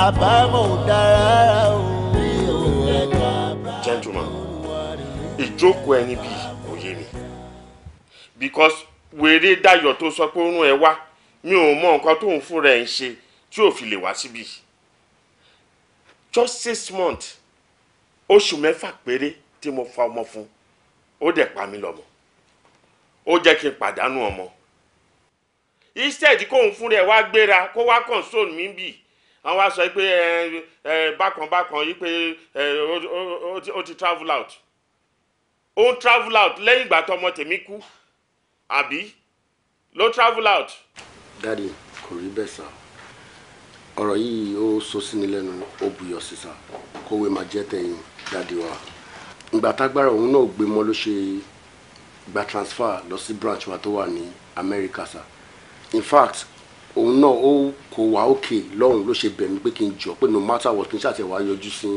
Àbámọ̀ ó dára rẹ o. joke ìjókòó ẹni be kò yé because wèrè dayọ̀ tó sọ pé oorun ẹ̀ wá mi ò mọ nǹkan tóun fúnra ẹ̀ ń ṣe tí ò fi lè wá síbí just six months oṣù mẹ́fà péré tí mo fa ọmọ fún ó dẹ̀ pa mí lọ́mọ ó jẹ́ kí n pàdánù ọmọ instead kóun fúnra ẹ̀ wá gbéra kó wá console mi bì àwọn wá sọ pé ẹ ẹ bákan bákan yìí pé ó ti travel out ó travel out lẹ́yìn ìgbà tó ọmọ tèmi kú àbí ló travel out. dadi kò rí bẹ́ẹ̀ sá ọ̀rọ̀ yìí ó so sí ni lẹ́nu ó buyọ̀ sí sá kówé máa jẹ́ tẹ̀yìn dadi wa ìgbà tágbára òun náà gbé mọ́ ló ṣe gba transfer lọ sí branch wa tó wà ní America sá in fact òun náà ó kò wá òkè lọ́run ló ṣe bẹ̀ mí pé kí n jọ pé no matter what kí n ṣàtẹ̀wá yọjú sí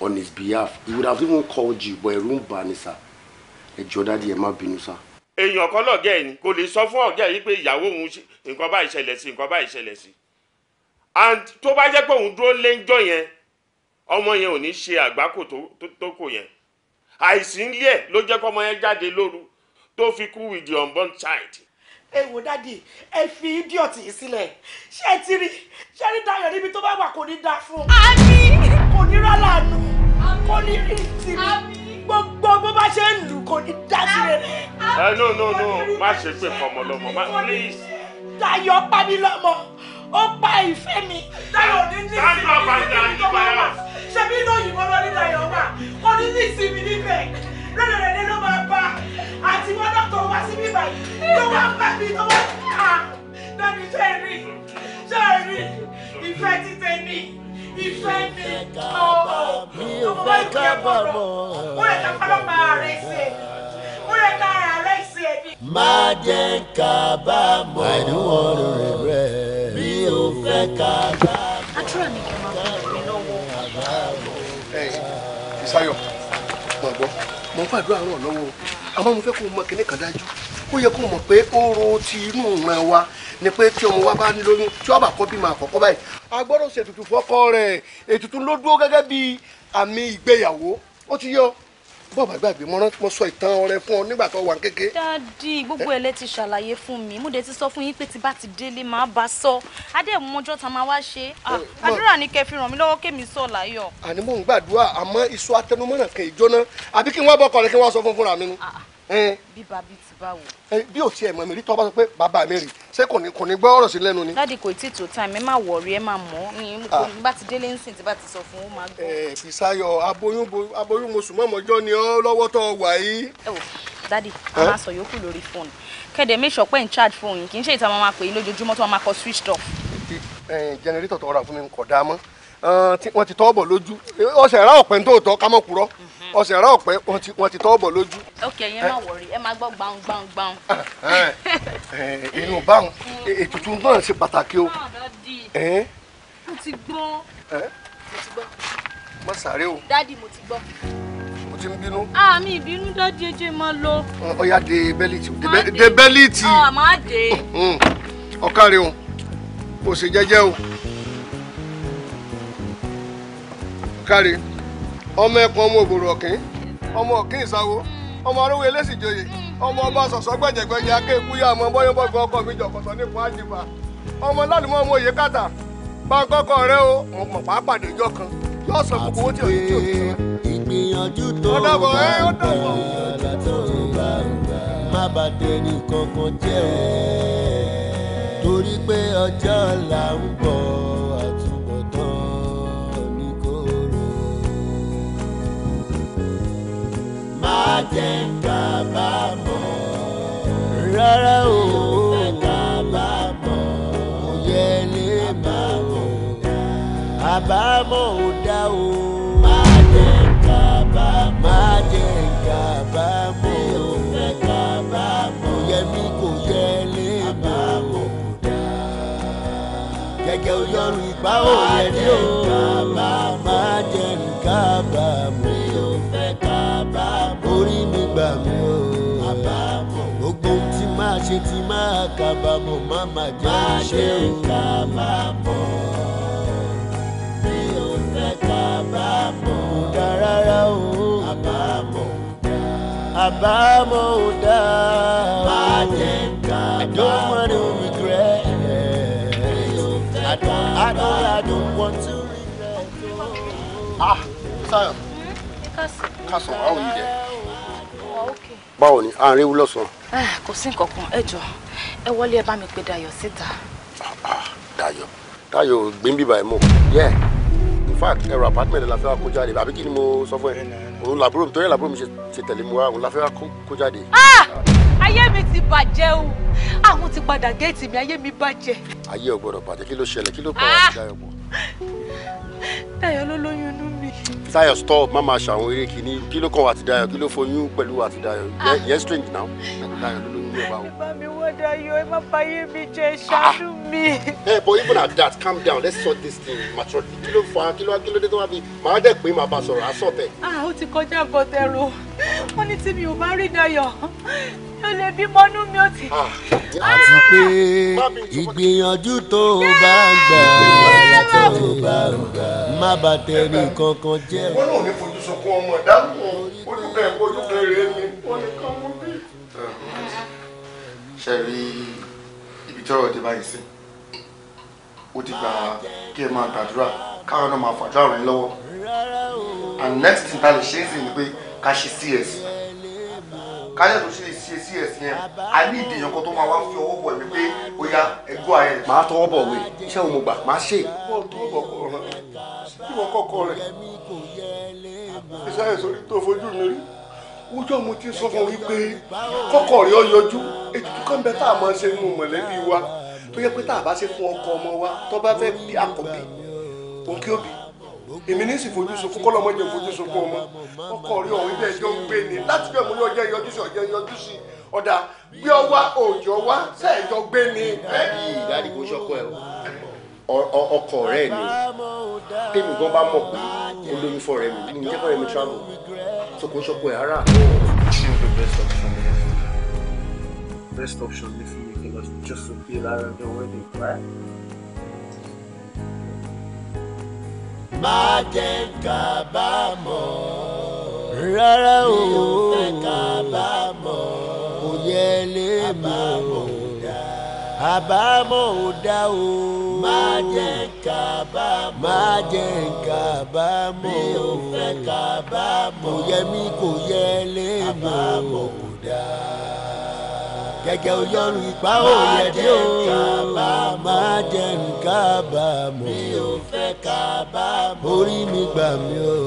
on his behalf he would have even called you but ẹ̀rù ń bà ní sá ẹ jọ̀ọ́ dádì ẹ má bínú sá èèyàn kan lọ̀gá ẹ̀ ni kò lè sọ fún ọ̀gá ẹ̀ yìí pé ìyàwó òun nǹkan bá ìṣẹ̀lẹ̀ sí nǹkan bá ìṣẹ̀lẹ̀ sí and tó bá jẹ́ pé òun dúró lé ń jọ yẹn ọmọ yẹn ò ní ṣe àgbákò tó kò yẹn àìsí ńlẹ̀ ló jẹ́ kọ́mọ yẹn jáde lóru tó fi kú with the unborn child ẹ wò dáàdì ẹ fi idiot yìí sílẹ̀ ṣé ẹ ti rí ṣé rí Dayọ̀ níbi tó bá wà kò ní dáa fún un kò ní rálàánú kò ní rí tìrì gbogbo bó bá ṣe ń lù kò ní dásílẹ̀. ẹ no no no má ṣe pé fọmọ lọmọ má please. Táyọ̀ pa mí lọ́mọ ó pa ìfẹ́ mi Táyọ̀ ní ní ìsinmi ní ibi tó máa wà ṣebí lóyìnbó lọ ní Táyọ̀ wà ó ní ní ìsinmi níbẹ̀ lọ́dọ̀dọ̀dẹ ló máa bá àti mọ́tò tó wá sí bíbá yìí tó wá bá mi tó wá sí à lọ́dún ṣe rí ṣe rí ìfẹ́ títẹ ní ìfẹ́ mi mi ò fẹ́ kábàámọ̀. wọ́n lè ta pálọ́pàá rẹ̀ ṣe wọ́n lè ta ara rẹ̀ ṣe mi. má jẹ́ kábàámọ̀ I don't want regret mi ò fẹ́ kábàámọ̀. àdúrà ni kí n máa fún mi lọ́wọ́. ìsáyọ̀ mọ̀ gbọ́ mo ń fàdúrà ràn lọ́wọ́ àmọ́ mo fẹ́ kó o mọ kinní kan dájú ó yẹ kó o mọ̀ pé ó ro ti inú ìran wa ni pé tí ọmọ wa bá ní lóyún tí ọba kọ́ bímọ àkọ́kọ́ báyìí a gbọ́dọ̀ ṣe ètùtù fọ́kọ rẹ̀ ètùtù ló dúró gẹ́gẹ́ bí àmì ìgbéyàwó ó ti yọ bọ́ọ̀bà gbàgbé mo mo sọ ìtàn ọ̀rẹ́ fún ọ nígbà tó wà ń kéke. dáàdì gbogbo ẹ̀ lẹ ti ṣàlàyé fún mi mo dé ti sọ fún yín pé tí bá ti délé máa bá sọ adéèmọjọ́ ta máa wá ṣe oh, àdúrà ni kẹ́ ràn mí lọ́wọ́ kémi sọ láyọ̀. àní mò ń gbàdúrà àmọ́ iṣu atẹnumọ́nà kẹ́ ìjóná àbí kí wọ́n bọ́kọ̀ rẹ kí wọ́n sọ fún fúnra mi ah, ah. bíbá bíi báwo. bí o tiẹ̀ mọ̀ mi rí tọ́ bá sọ pé bàbá mi rì ṣé kò ní kò ní gbọ́ ọ̀rọ̀ sí lẹ́nu ni. láti kò tí tó time ẹ má wọrí ẹ má mọ̀ ọ́ ni ah. bá ti délé ń sìn tí bá ti sọ fún ó máa gbọ́. ẹ Fisáyọ̀ aboyún mo sùn mọ́mọ́jọ́ ni ọ́ lọ́wọ́ tó wà yìí. ẹ wò dádì a máa sọ yòókù lórí fóònù kẹ́dẹ̀ make sure pé n charge fóònù yìí kì í ṣe ìta máa pè é lójoojúmọ́ tó máa kọ switch off. jẹnẹrétọ̀ tó rà fún mi kò dáa mọ́ wọ́n ti tọ́ bọ̀ lójú ọ̀sẹ̀ rà ọ̀pẹ̀ ń tó tọ́ ká ọ̀sẹ̀ rà ọ̀pẹ wọ́n ti tọ́ bọ̀ lójú. ok yẹn má wọrí ẹ má gbọ́ gbàùn gbàùn gbàùn. Eh, eh, inú báwọn ètùtù e, e, náà ṣe pàtàkì o. Eh? mo ti gbọ́. mo ti gbọ́. má sáré o. dádì mo ti gbọ́. mo ti ń bínú. àmì ìbínú dádì ẹjẹ máa lọ. ọya de bẹ́líìtì o de bẹ́líìtì. ọ̀ máa de. ọ̀kárí o kò ṣe jẹ́jẹ́ o. ọ̀kárí. ọmọ ẹkùn ọmọ ògbòrò ọ̀kín ọmọ ọ̀kín ìsáwó ọmọ arówó elésìjoyè ọmọ ọba sọsọ gbẹ̀jẹ̀gbẹ̀jẹ̀ akéèkúyà ọmọ bọ́yọ́bọ́gbọ̀n ọkọ mi jọkọtọ nípa àjìbá ọmọ lálùmọ́ ọmọ òye kàtà bá rẹ o mọ̀ pàápàá dèjọ́ kan lọ́sàn kókó owó tí jẹ́ kábàámọ̀. rárá o kábàámọ̀ kò yẹ lè bàmọ̀ àbámọ̀ ò dá o. má jẹ́ kábàámọ̀ má jẹ́ kábàámọ̀ mi ò fẹ́ kábàámọ̀ kò yẹ mí kò yẹ gẹ́gẹ́ oyọrùn ìgbà òye ni o má jẹ́ kábàámọ̀. kábàámọ̀ má má jẹ́ ṣe o. má jẹ́ kábàámọ̀ mi ò fẹ́ kábàámọ̀. kò dáa rárá o. àbámọ̀ ò dáa. àbámọ̀ ò dáa. má jẹ́ kábàámọ̀. I don't want to regret. mi ò fẹ́ kábàámọ̀. I don't I don't want to regret. ah Sayo. Kásán. how are you there? Báwo ni, àárín wúlọ̀sán? Ah, kò sí nǹkan kan, ẹ jọ̀ọ́ ẹ wọlé ẹ bá mi pe Dayọ̀ síta. Dayọ̀ Dayọ̀ gbẹ̀mbí báyìí mọ̀ yẹ́ in fact ẹ̀rọ apartment la fẹ́ wá kó jáde àbí kí ni mo sọ fún ẹ òun làbúrò mi torí làbúrò mi ṣe tẹ̀lé mi wá òun la fẹ́ wá kó jáde. Ah! ayé mi ti bàjẹ́ o àwọn ah, ti padà géètì mi ayé mi bàjẹ́. ayé ò gbọdọ̀ bàjẹ́ kí ló ṣẹlẹ̀ kí ló pa wá ah! sí Dayọ̀ pọ̀. Dayọ̀ ló lóyún inú mi. Dayọ̀ stop má máa ṣàwọn eré kìíní kí ló kàn wá ti Dayọ̀ kí ló foyún pẹ̀lú wá ti Dayọ̀ yẹn strange now Dayọ̀ ló lóyún mi ẹ bá wọn. bá mi wọ́n dayọ̀ ẹ má báyé mi jẹ́ ah! but even at that calm down let's sort this thing maturely kí ló fa kí ló kí ló dé tó wá fi màá dẹ̀ pé màá ah how to kọjá nǹkan tẹ̀rù wọ́n ní tí mi ò bá rí dayọ̀ ó lè bímọ inú mi ó ti. Ah, ah! àti pé ìgbìyànjú tó o bá gbà tó o bá gbà má bà tẹ̀lé kankan jẹ́. wọ́n náà ò fojú sunkún ọmọ ẹ̀dá ojú kan ẹ̀kọ́ ojú kan ni wọ́n ní k ṣe rí ibi tí ọ̀rọ̀ dé báyìí sí ó ti gba kí ẹ máa gbàdúrà káwọn náà máa fàdúrà rẹ lọ́wọ́ and next thing ta lè ṣe é sì ni pé ká ṣe cs káyọ̀ tó ṣe ṣe cs yẹn a ní ìdèyàn kan tó máa wá fi ọwọ́ bọ̀ mí pé ó yá ẹgbọ́ ayẹ. màá tọwọ́ bọ̀ wé iṣẹ́ òun mo gbà máa ṣe. wọ́n tọwọ́ bọ̀ kọ̀ ọ̀ràn ìwọ kọ̀ọ̀kan rẹ̀ iṣẹ́ àìsàn tó fojú mi rí wújọ́ mo ti sọ fún wípé kọ́kọ́ rí ọ yọjú ètùtù kan bẹ tá a máa ṣe nínú mọ̀lẹ́bí wa tó yẹ pé tá a bá ṣe fún ọkọ ọmọ wa tó bá fẹ́ bí àkọ́bí òun kí èmi ní sì fojú sunkún kọ́ lọ́mọdé fojú sunkún ọmọ ọkọ rí ọ̀hún ilé ẹjọ́ ń gbé ni láti bẹ́ẹ̀ mú ní ọjọ́ yọjú sí ọjọ́ yọjú sí ọ̀dà gbé ọwá òòjọ́ wá sẹ́ẹ̀jọ́ gbé ni. ìdáàdì kò ṣọkọ ẹ o ọkọ ọ̀rẹ́ mi tèmi gan bá mọ̀ pé olóyún fọ ọ̀rẹ́ mi ní jẹ́ kọ́ ọ̀rẹ́ mi travel so kò ń ṣọpọ̀ ẹ̀ ara. best option ni fún mi best option ni fún kí n lọ just to feel lára ọjọ́ wedding right. má jẹ́ kábàámọ̀ rárá o mi ò fẹ́ kábàámọ̀ kò yẹ lè mọ̀ àbámọ̀ ò dá o. má jẹ́ kábàámọ̀. má jẹ́ kábàámọ̀. mi ò fẹ́ kábàámọ̀. kò yẹ mí kò yẹ lẹ́nu. àbámọ̀ kò dá. gẹ́gẹ́ oyọ́rùn ipá ò yẹ dé o. má jẹ́ kábàámọ̀. mi ò fẹ́ kábàámọ̀. orí mi gbà mí o.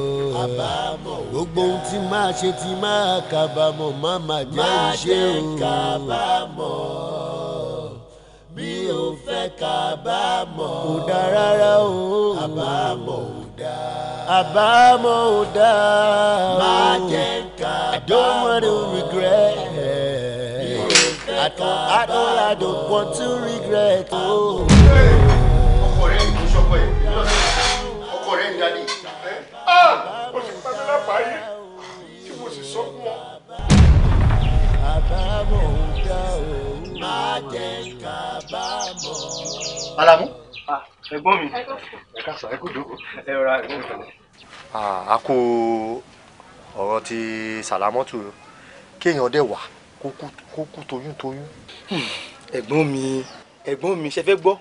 àbámọ̀ ò dá. gbogbo ohun tí máa ṣe ti máa kábàámọ̀ má má jẹ́ ìṣe o. má jẹ́ kábàámọ̀ mi ò fẹ́ kábàámọ̀ kò dá rárá o àbámọ̀ ò dá àbámọ̀ ò dá má jẹ́ kábàámọ̀ I don't want to regret I don't I don't I don't want to regret o. ọkọ rẹ ń sọkọ yìí ọkọ rẹ ń dalẹ̀ ah! ó sì pàṣẹ lápá yìí. Balamu. Ah, ẹ̀gbọ́n mi. Ẹ ká sọ, ẹ kú dúró. Ẹ rọra ẹ̀gbọ́n mi. Ah, a kó ọ̀rọ̀ ti Sàlámọ́tù kéèyàn dẹ̀ wà kó kú toyúntoyún. Hmm, ẹ̀gbọ́n mi ẹ̀gbọ́n mi ṣe fẹ́ gbọ́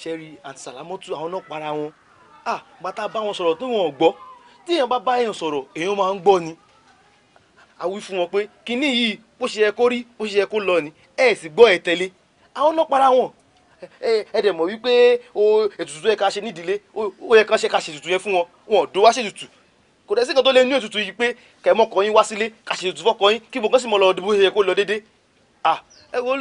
ṣe rí àti Sàlámọ́tù àwọn náà para wọn. ah, bàtà bá wọn sọ̀rọ̀ tó wọn gbọ́ tí èèyàn bá bá èèyàn sọ̀rọ̀ èèyàn máa ń gbọ́ ni a wí fún wọn pé kinní yìí bó ṣe yẹ kó rí bó ṣe yẹ kó lọ ni ẹ sì gbọ́ ẹ tẹ̀lé àwọn náà para wọn ẹ dẹ̀ mọ̀ wípé ètùtù tó yẹ ká ṣe nídìílé ó yẹ ká ṣe ká ṣe ètùtù yẹn fún wọn wọn ò dó wá ṣe ètùtù kò dẹ̀ sí tó lé ní ètùtù yìí pé kẹ̀mọ́ kọ́ wá sílé ká ṣe ètùtù fọ́kọ́ kí gbọ̀ngàn sì mọ̀ lọ bó yẹ kó lọ déédé ah ẹ wo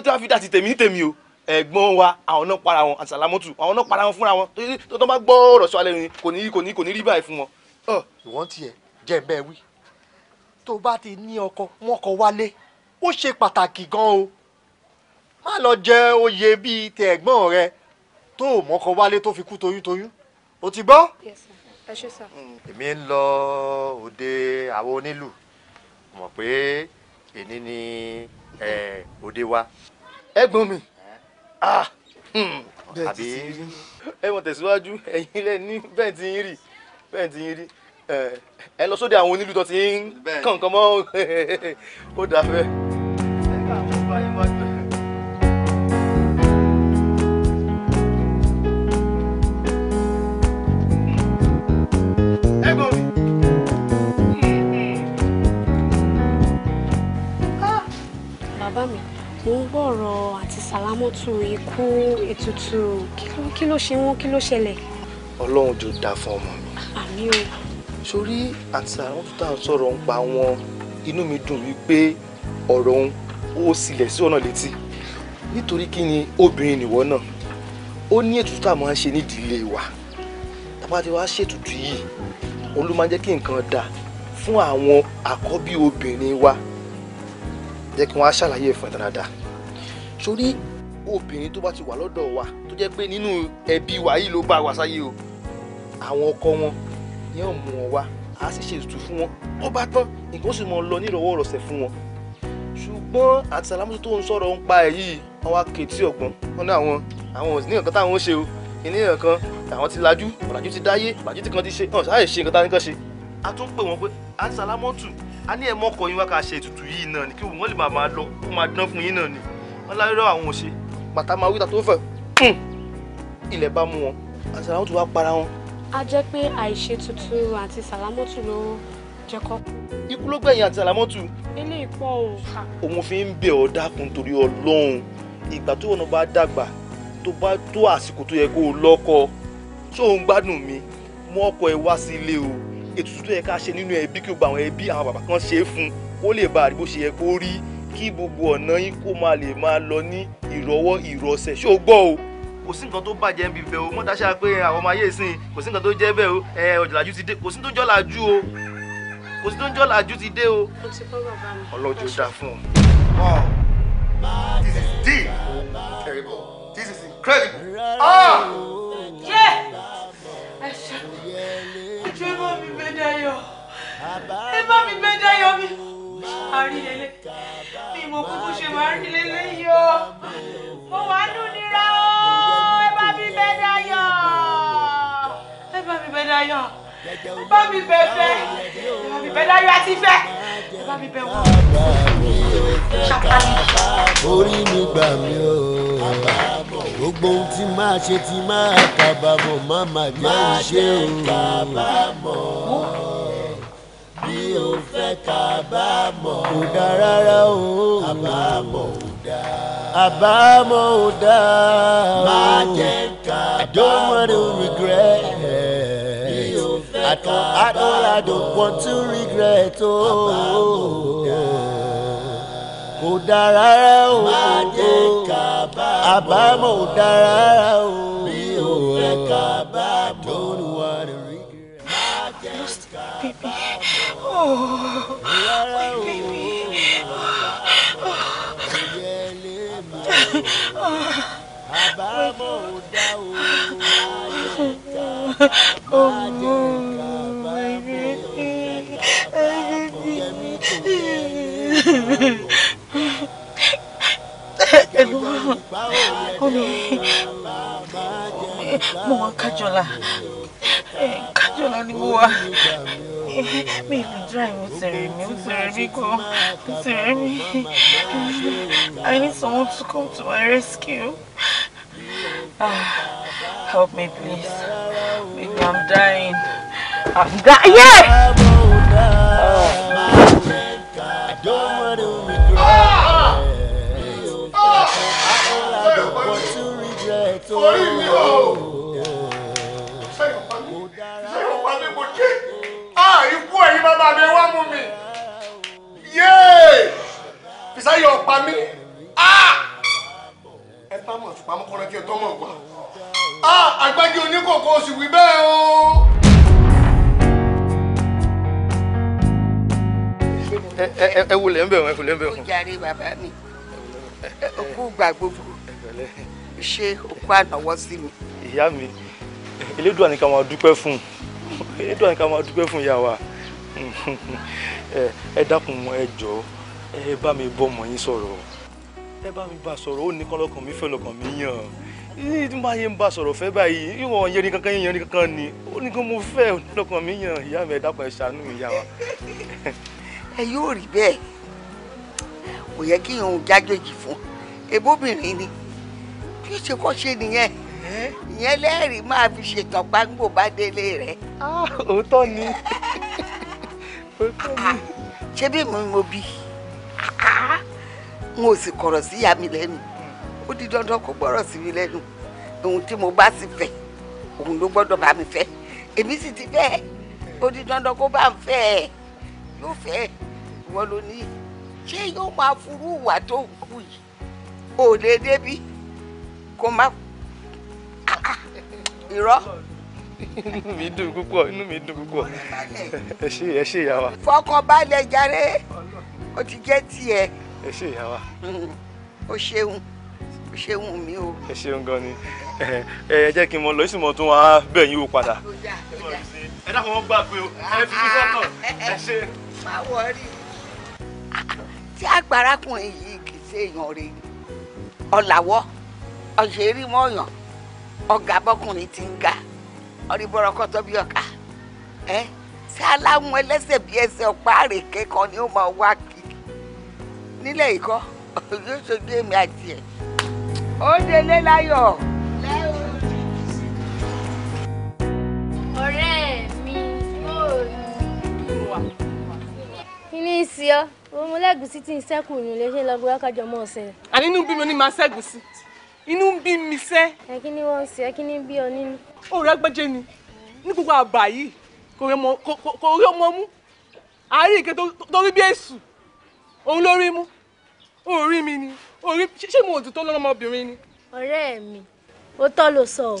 tí wàá fi dà ti tèmi ní tèmi o ẹ̀gbọ́n wa àwọn náà para wọn àtàlámọ́tù àwọn náà para wọn fúnra wọn tó tó bá gbọ́ ọ̀rọ̀ sọ alẹ́ ni kò ní kò ní kò ní rí báyìí fún wọn. ìwọ́n tiẹ̀ jẹ́ bẹ́ẹ̀ wí tó bá ti ní ọkọ wọn kọ wálé ó ṣe pàtàkì gan o má lọ jẹ oyè bíi ti ẹ̀gbọ́n rẹ tó o mọ́kọ wálé tó fi kú toyúntoyún o ti gbọ́. Yes sir. ẹ ṣé sir. Hmm, èmi ń lọ òde àwọn onílù mọ̀ pé èní ni òde wa. ẹ̀gbọ́n mi ah, hmm. àbí ẹ mọ̀ tẹ̀síwájú ẹ̀yin lẹ ní bẹ́ẹ̀ tí ń rì bẹ́ẹ̀ tí ń rì ẹ lọ sóde àwọn onílù tó ti ń kàn kàn mọ́ ó dáfẹ́. ẹ sàlámọ́tù ikú ètùtù kí ló ṣe wọ́n kí ló ṣẹlẹ̀. ọlọ́run jò dá fún ọmọ mi. àmì o. sórí àti àwọn tó tà ń sọ̀rọ̀ ń pa wọn inú mi dùn wípé ọ̀rọ̀ òun ó silẹ̀ sí ọ̀nà létí nítorí kí ni obìnrin nìwọ náà ó ní ètùtù tá a máa ń ṣe nídìílé wa tàbá ti wá ṣètùtù yìí òun ló máa ń jẹ́ kí nǹkan dà fún àwọn àkọ́bí obìnrin wa jẹ́ kí wọ́n á ṣàlàyé ìfọ̀n dáadáa sórí obìnrin tó bá ti wà lọ́dọ̀ wa tó jẹ́ pé nínú ẹbí wa yìí ló bá wa sáyé o àwọn ọkọ wọn yẹn ò mú wọn wá a sì ṣe ètùtù fún wọn ó bá tán nǹkan ó sì mọ lọ nírọ̀wọ́ rọ̀sẹ̀ fún wọn ṣùgbọ́n àti sàlámùsọ tó ń sọ̀rọ̀ ń pa èyí àwọn akẹ́tì ọ̀gbọ́n wọn ní àwọn àwọn ò ní nǹkan táwọn ń ṣe o ìní nǹkan àwọn ti lajú ọ̀làjú ti dáyé ọ̀làjú ti kan ti ṣe hàn sáyè ṣe nǹkan táwọn kan ṣe. a tún pè wọn pé àti sàlámọ́tù a ní ẹ̀mọ́kọ̀ yín wá ká ṣe ètùtù yìí náà ni kí wọ́n lè máa lọ kó máa dán fún yín náà ni wọn lárírọ àwọn òṣè bàtà máa wíta tó fẹ̀ hmm. ilẹ̀ bá mú wọn àṣàlámọ́tù wá para wọn. a jẹ́ pé àìṣe tuntun àti sàlámọ́tù ló jẹ́ kọ́. ikú ló gbẹ̀yìn àti sàlámọ́tù. ilé ìpọ́n o. òun fi ń bẹ̀ ọ́ dákun torí ọlọ́run ìgbà tó wọn bá dàgbà tó bá tó àsìkò tó yẹ kó o lọ́kọ tó ń gbádùn mi mú ọkọ ẹ wá sí ilé o ètùtù tó yẹ ká ṣe nínú ẹbí kí o gba àwọn ẹbí àwọn bàbá kan ṣe é fún kó lè bá àdìgbò ṣe yẹ kó rí kí gbogbo ọ̀nà yín kó máa lè máa lọ ní ìrọwọ́ ìrọsẹ̀ ṣó gbọ́ o kò sí nǹkan tó bàjẹ́ ń bi o mọ́tà pé àwọn ọmọ ayé ìsìn kò sí nǹkan tó jẹ́ bẹ́ẹ̀ o ọ̀jọ̀làjú ti dé kò sí tó jọ̀làjú o kò sí tó jọ̀làjú ti dé o. ọlọ́jọ́ dá fún ọ. Wow, this is deep, terrible, this is incredible. Ah! Yeah! Ẹ ṣe, ẹ ṣe bá mi bẹ́ dayọ̀, ẹ bá mi bẹ́ dayọ̀ mi àrílélẹ́ mi mọ̀ kúkú ṣe máa rí lélẹ́ yìí o mo wà á dùn nira o ẹ bá mi bẹ dayọ̀ ẹ bá mi bẹ dayọ̀ ẹ bá mi bẹ fẹ́ ẹ bá mi bẹ dayọ̀ àti fẹ́ ẹ bá mi bẹ wọ́n. orí mi gbà mí o gbogbo ohun tí máa ṣe ti máa kábàámọ̀ má má jẹ́ ìṣe o ò fẹ́ kábàámọ̀ kò dá rárá o àbámọ̀ ò dá àbámọ̀ ò dá má jẹ́ kábàámọ̀ I don't want to regret mi ò I don't I don't want to regret o oh. kò dá rárá o àbámọ̀ ò dá rárá o. Oh, my baby. Oh, oh my baby. Ẹ̀gbọ́n mi, mo wá kájọ la kájọlá ni mo wà mi ìlú drive ó ti rẹ̀ mí ó ti rẹ̀ mí gan ó I need someone to come to my rescue ah, help me please baby I'm dying I'm dying yes. bàbá mi òkú gbà gbogbo ṣé òkú ànáwọ́ sí mi. ìyá mi elédùn àníkà máa dúpẹ́ fún elédùn àníkà máa dúpẹ́ fún ìyá wa ẹ dákun ẹ jọ ẹ bá mi bọ́ ọmọ yín sọ̀rọ̀ ẹ bá mi bá sọ̀rọ̀ ó nìkan lọ́kàn mi fẹ́ lọ́kàn mi yàn ní tí máa yẹ ń bá sọ̀rọ̀ fẹ́ báyìí yíwọ̀n yẹrin kankan yẹn yẹrin kankan ni ó ní kí mo fẹ́ lọ́kàn mi yàn ìyá mi ẹ dákun ẹ ṣàánú mi yá wa. ẹ yóò rí bẹ́ẹ̀ kò yẹ kí òun jájòjì fún ebóbìnrin ni kí ṣe kọ́ ṣe nìyẹn ìyẹn lẹ́rìí máa fi ṣètàn gbàngbò bá délé rẹ̀. òótọ́ ni òótọ́ ni. ṣé bí mo mo bí n ò sì kọ̀rọ̀ sí ìyá mi lẹ́nu ó di dandan kó gbọ́rọ̀ sí mi lẹ́nu ohun tí mo bá sì fẹ́ òun ló gbọ́dọ̀ bá mi fẹ́ èmi sì ti fẹ́ ó di dandan kó bá ń fẹ́ yóò fẹ́ ìwọ ló ní ṣé yóò máa furú ìwà tó wù yìí ò lè débi kó má irọ́. inú mi dùn púpọ̀ inú mi dùn púpọ̀ ẹ ṣé ẹ ṣé ìyá wa. fọkànbalẹ̀ jàre ó ti jẹ́ tiẹ̀. ẹ ṣé ìyá o ṣeun o ṣeun mi o. ẹ ṣeun gan ni ẹ ẹ jẹ́ kí n mọ lọ ìsìnmọ̀ tó wá bẹ̀ yín wò padà. ẹ dákun wọn gbà pé o ẹ fi mí sọ́kàn ẹ ṣe. má wọrí tí àgbàrákùnrin yìí kì í ṣe èèyàn rẹ̀ ọ̀làwọ́ ọ̀ṣẹ́rímọ̀ọ̀yàn ọ̀gá bọ́kùnrin ti ń ga ọ̀rìbọ̀rọ̀kọ́tọ́ bí ọ̀ka ẹ́ ṣé aláwọn ẹlẹ́sẹ̀ bíi ẹsẹ̀ ọ̀pá àrèké kan ni ó máa wá kiri nílẹ̀ ìkọ́ yóò ṣojú èmi àti ẹ̀ ó délé láyọ̀. ọ̀rẹ́ mi ò ní. kí ni í ṣe mo lẹ́gùsí tí ń sẹ́kù ní ilé ṣe lọ́gbọ́n wákàjọ mọ́ ọ̀sẹ̀. àní inú bí mi ni màá ṣẹ́gùsí inú bí mi sẹ́. ẹ kí ni wọ́n ń ṣe ẹ kí ni bí ọ nínú. ó rẹ gbẹjẹ ni ní gbogbo àbá yìí kò rí ọmọ mú àárín ìké tó rí bí èṣù òun ló rí mú orí mi ni orí ṣé mo ò ti tó lọ́mọbìnrin ni. ọ̀rẹ́ mi ó tọ́ ló sọ ọ́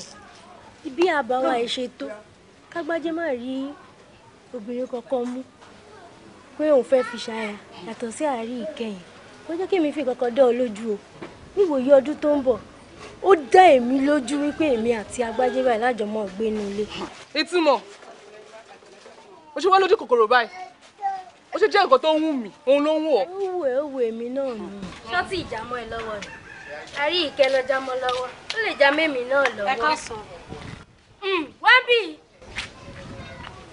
ibi àbáwá ẹ̀ ṣe tó kágbájé má rí obìnrin kankan mú pé òun fẹ́ fi ṣaya yàtọ̀ sí àárín ìkẹyìn ó jẹ́ kí èmi fi kankan dá ọ lójú o níwòye ọdún tó ń bọ̀ ó dá èmi lójú wípé èmi àti agbájé báyìí lájọmọ́ gbénu ilé. ìtumọ̀ o ṣe wá lójú kòkòrò báyìí ó ṣe jẹ́ nǹkan tó ń wù mí òun ló ń wù ọ́. ó wù ẹ́ ó wù èmi náà ni. ṣọ́ọ̀tì ìjàmọ́ ẹ lọ́wọ́ rẹ̀ àrí ìkẹ́ lọ jámọ́ lọ́wọ́ ó lè já mẹ́mìí náà lọ́wọ́. ẹ ká sọ. wá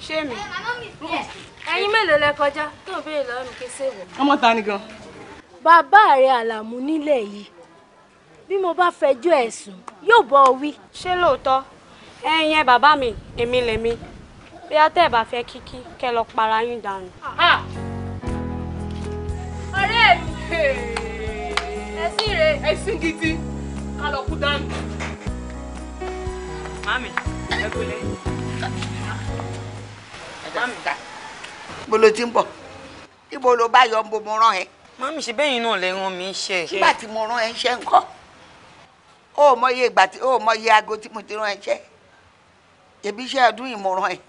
ṣé mi ẹyin mélòó lẹ kọjá tó béèrè lọ́wọ́ mi kí ṣe wò. ọmọ ta ni gan. bàbá rẹ àlàmú nílẹ̀ yìí bí mo bá fẹjọ́ ẹ sùn yóò bọ ọ wí. ṣé lóòótọ́ ẹyin ẹ bàbá mi èmi lèmi bí a tẹ́ ẹ bá fẹ́ kíkí kẹ́ lọ para yín dànù. ọ̀rẹ́ mi ẹ̀sìn rẹ ẹ̀sìn gidi ká dànù. mami ẹ kò lè mami ta ibo ló ti ń bọ̀ ibo ló bá yọ bo mo rán ẹ. mami ṣe bẹ́yìn náà lè ràn mí iṣẹ́. nígbà tí mo rán ẹ ń ṣe nǹkan ó mọye ìgbà tí ó mọye aago tí mo ti rán ẹ ṣe èbí iṣẹ́ ọdún yìí mo rán ẹ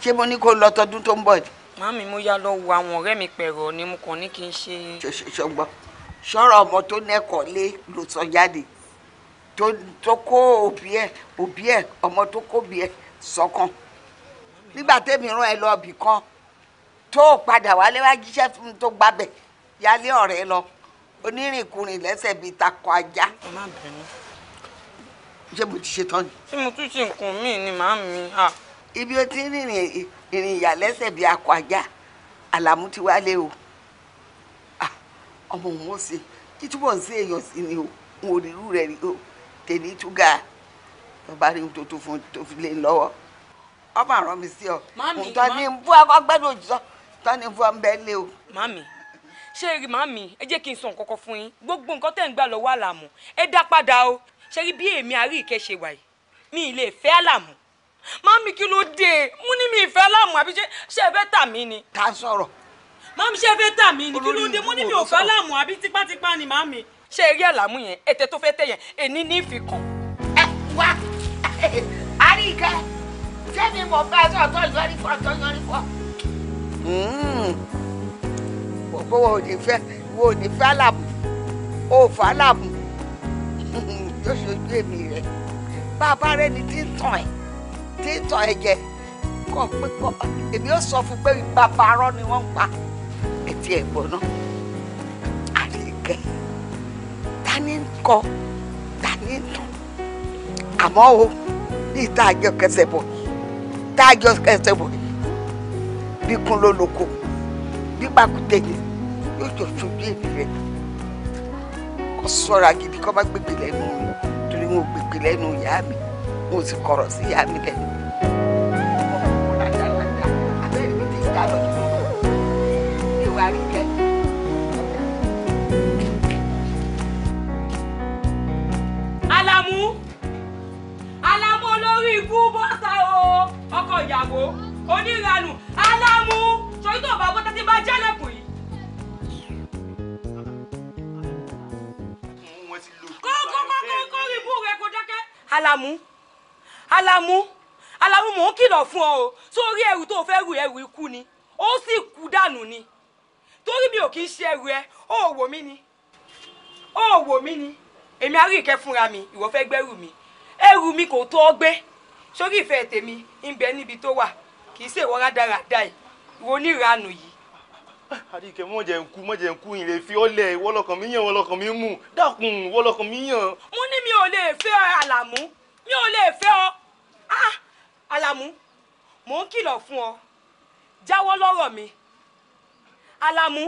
ṣé mo ní kó lọ tọdún tó ń bọ̀ mami mo yá lọ wo àwọn ọ̀rẹ́ mi pẹ̀rọ ni mo kàn ní kí n ṣe. ṣọgbọ́n ṣọ́rọ̀ ọmọ tó nẹ́kọ̀ọ́ lé ló sọ jáde tó kó òbí ẹ̀ òbí ẹ̀ ọmọ tó kó òbí ẹ̀ sọ́kàn. So nígbà tẹ́mi rán ẹ lọ ibì kan tó padà wálé wá jíṣẹ́ fún mi tó gbabẹ̀ yálé ọ̀rẹ́ lọ onírìnkùnrin lẹ́sẹ̀ bíi takọ ajá. ẹ má bínú. ṣé mo ti ṣe tán ni. ṣé mo tún ṣe nǹkan míì ni màá mi. ibi o ti ń rìnrìn ìrìn lẹ́sẹ̀ bíi akọ ajá àlàmú ti wálé o ọmọ òun ó ṣe títúbọ̀ ń ṣe èèyàn sí ni o n ò rí irú rẹ̀ rí o tèmi túgà lọ́ba rí ohun tó tó fi lé e lọ́wọ́ ọmọ àrán mi sí ọ òǹtọ́ ni ń bú agbẹ́nu òjìṣọ́ òǹtọ́ ni ń bú ọmọ ẹ lé o. màmí ṣé rí màmí ẹ jẹ́ kí n sọ nǹkan kan fún yín gbogbo nǹkan tẹ̀ ń gbà lọ́wọ́ àlàmù ẹ dá padà o ṣe rí bí èmi àrí ìkẹ́ṣe wà mi ì lè fẹ́ àlàmù màmí kí ló dé mú ní mi ìfẹ́ àlàmù àbí ṣé ẹ fẹ́ tà mí ni. ni kí ló dé mú ní mi ò fẹ́ àlàmù àbí tipátipá ni màmí. ṣé ẹ rí àlàmù yẹn ètè tó fẹ́ tẹ̀ yẹn èní ní ìfikàn. ẹ wá sẹ́mi mọ̀ bá a sọ̀tọ̀ yọrí fọ́ ọ̀tọ̀ yọrí fọ́. bó wo ní fẹ́ wo ní fẹ́ àlàbù ó fà àlàbù yóò ṣojú èmi rẹ̀ bàbá rẹ̀ ni tí ń tàn ẹ̀ tí ń tàn ẹ̀ jẹ kọ́ pé kọ́ èmi ó sọ fún pé bàbá arọ́ ni wọ́n ń pa ẹ̀tì ẹ̀gbọ́n náà àríkẹ́ ta ni ń kọ́ ta ni ń tàn àmọ́ o ní ìta àjọ kẹsẹ̀ bọ̀ tá a jọ ẹsẹ̀ wò bí kún ló lóko bí pàkúté ni yóò jọ sojú èrè rẹ̀ kó sọ́ra gidi kó má gbègbè lẹ́nu torí wọn ò gbègbè lẹ́nu ìyá mi wọn ò sì kọ̀rọ̀ sí ìyá mi lẹ́nu. òfò oníranù alámú sọyí tó bá bọ́tà tí bá jálẹ̀kùn yìí. kókókókó ìbú rẹ kò dákẹ́. alámú alámú alámú mò ń kìlọ̀ fún ọ o sórí ẹrù tó fẹ́ rù ẹrù ikú ni ó sì kú dànù ni torí mi ò kì í ṣe ẹrù ẹ ó wò mí ni ó wò mí ni èmi arí ìkẹ́ fúnra mi ìwọ fẹ́ gbẹ́rù mi ẹrù mi kò tó ọ gbé sórí ìfẹ́ tèmi ń bẹ níbi tó wà kì í ṣe ìwọ rádaràda yìí ìwọ oníranù yìí. àdìkẹ́ mọ̀ jẹ́ ń kú mọ̀ jẹ́ ń kú ìrè fi ọlẹ̀ ìwọ mi yàn ìwọ lọkàn mi mú dákun ìwọ lọkàn mi yàn. mo ní mi ò lè fẹ́ àlàmú mi ò lè fẹ́ ọ ah, àlàmú mò ń kìlọ̀ fún ọ jáwọ́ lọ́rọ̀ mi àlàmú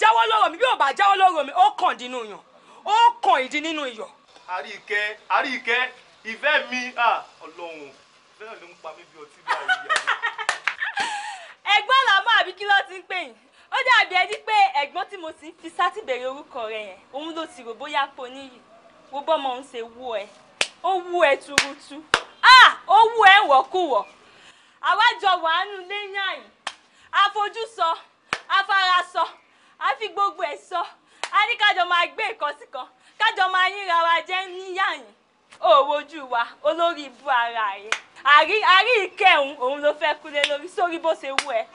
jáwọ́ lọ́rọ̀ mi bí ò bá jáwọ́ lọ́rọ̀ mi ó kàn dínú yàn ó kàn ìdí nínú iyọ̀. àríkẹ́ àríkẹ́ ìfẹ́ mi ah, ọlọ́run ìfẹ́ náà ló ń pa mí bí ọtí bí ayé ẹ̀gbọ́n làmọ́ àbí kí ló ti ń pè yín ó dàbí ẹni pé ẹ̀gbọ́n tí mo ti ń fi sátì bẹ̀rẹ̀ orúkọ rẹ̀ yẹn òun ló ti rò bóyá po níyì wo bọ́mọ òun ṣe wú ẹ ó wú ẹ tuurutu ah, ó wú ẹ wọ̀kúwọ̀ àwájọ wàánú léyìn àyè àfojúsọ afarasọ àfi gbogbo ẹ sọ a ní kájọ máa gbé ìkọsí kan kájọ máa yínra wa jẹ níyàyìn òwojú wa olórí ibú ara rẹ àrí àrí ìkẹhùn òun ló fẹ́ kúlé lórí sórí bó ṣe wú ẹ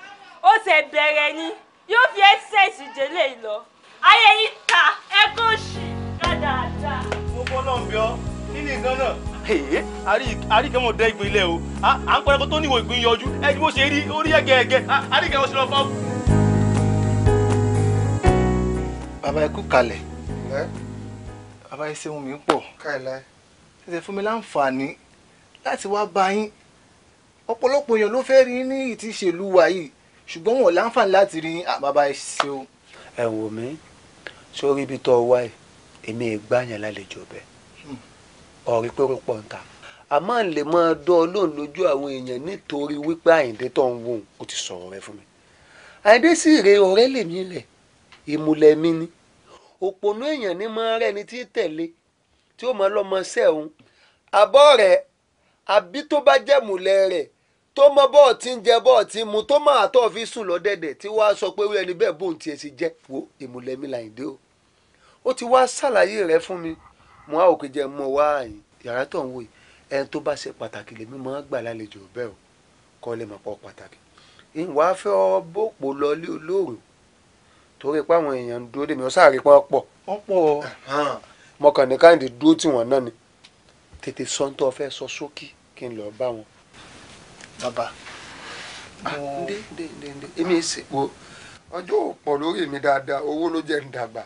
ó ṣe bẹ̀rẹ̀ ni yóò fi ẹsẹ̀sì délé lọ ayé yìí ta ẹkọ òṣì dáadáa. mo bọ́ náà ń bí ọ nínú nǹkan náà. àríkẹ́ mọ̀ dẹ́ ìgbìn ilẹ̀ o à ń pẹ́ kó tó níwò ìgbìn yọjú ẹni bó ṣe rí orí ẹ̀gẹ̀ẹ̀gẹ̀ àríkẹ́ wọn ṣe lọ fọ́. bàbá ẹ kú kalẹ̀ bàbá ẹ ṣeun mi pọ̀. káìláì tètè fún mi láǹfààní láti wá bá yín ọ̀pọ̀lọpọ̀ èèyàn ló fẹ́ rí ní ìtìṣèlú wa yìí ṣùgbọ́n wọn láǹfààní láti rí bàbá ṣe o. ẹ wò mí sórí ibi tó wá ẹ èmi ẹ gbá yẹn lálejò bẹ ọ̀rí hmm. pérò pọ̀ ń ta a máa lè máa dán ọlọ́run lójú àwọn èèyàn nítorí wípé àyíǹde tó ń wò ó ti sọ̀rọ̀ rẹ fún mi àyíǹde sì rè ọ̀rẹ́ lèmi lẹ̀ ìmùlẹ̀ mi ni òpònú èèyàn ní máa rẹ́ni tí tẹ̀lé tí ó mọ lọ́mọṣẹ́ òun àbọ̀ rẹ̀ àbí tó bá jẹ́ mùlẹ̀ rẹ̀ tó mọ bọ́ọ̀ tí ń jẹ bọ́ọ̀ tí ń mu tó máa tọ́ fi sùn lọ́dẹ̀dẹ̀ tí wàá sọ pé wíwẹ́ni bẹ́ẹ̀ bóun tiẹ̀ sì jẹ́ wo ìmùlẹ̀ mi làyìndé o ó ti wá ṣàlàyé rẹ̀ fún mi mo á òkè jẹ mọ wá yàrá tó ń wò yìí ẹni tó bá ṣe pàtàkì lèmi máa gbà lálejò bẹ́ẹ̀ o kọ́ lè mọ̀ pọ̀ pàtàkì ìwà fẹ́ ọ bòpò lọ lóòrò torí pé àwọn èèyàn ń dúró dèmi ọ sáà rí pé pọ̀. wọ́n pọ̀ mọkàn ní káyìndé dúró tì wọ́n náà ni tètè sọ tó fẹ́ sọ sókí kí n lọ bá wọn. bàbá ah, ndé ndé ndé ndé èmi ṣe wo ọjọ́ òpọ̀ lórí mi dáadáa owó ló jẹ́ ń dàgbà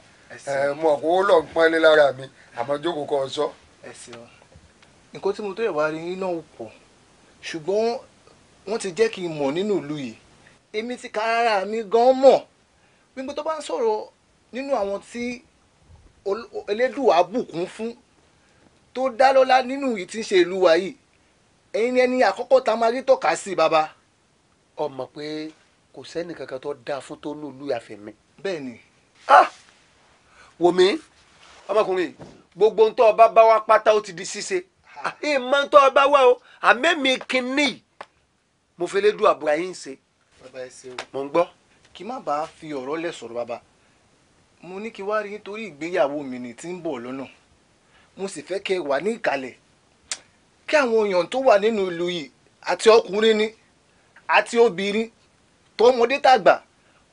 mo kó owó lọ́ọ̀ pọ́n ní lára mi àmọ́ jókòó kan sọ. ẹ ṣeun nǹkan tí mo tó yẹ wá rí iná pọ̀ ṣùgbọ́n wọ́n ti jẹ́ kí n mọ̀ nínú ìlú yìí èmi ti ka ara mi gan mọ̀ gbogbo tó bá ń sọ̀rọ̀ nínú àwọn tí elédùà bùkún fún tó dá lọ́lá nínú yìí tí ń ṣe ìlú wa yìí ẹ̀yin ni ẹni àkọ́kọ́ tá a máa rí tọ́ka sí baba. ọmọ pé kò sẹ́ni kankan tó dáa fún tó nù lùyàfẹ́ mi. bẹ́ẹ̀ni. ah wò mí ọmọkùnrin gbogbo ń tọ́ ọba bá wa pátá ó ti di ṣíṣe ìmọ̀ ń ọba wa o àmẹ́mi kìíní mo fẹ́ lé dùn àbúrò ayé ń ṣe. bàbá ẹ ṣeun. mo ń gbọ́. kí má bàa fi ọ̀rọ̀ lẹ̀ sọ̀rọ̀ bàbá mo ní kí wá rí nítorí ìgbéyàwó mi ni tí ń bọ̀ lọ́nà mo sì fẹ́ kẹ́ ẹ wà ní ìkàlẹ̀ kí àwọn èèyàn tó wà nínú ìlú yìí àti ọkùnrin ni àti obìnrin tọmọdé tàgbà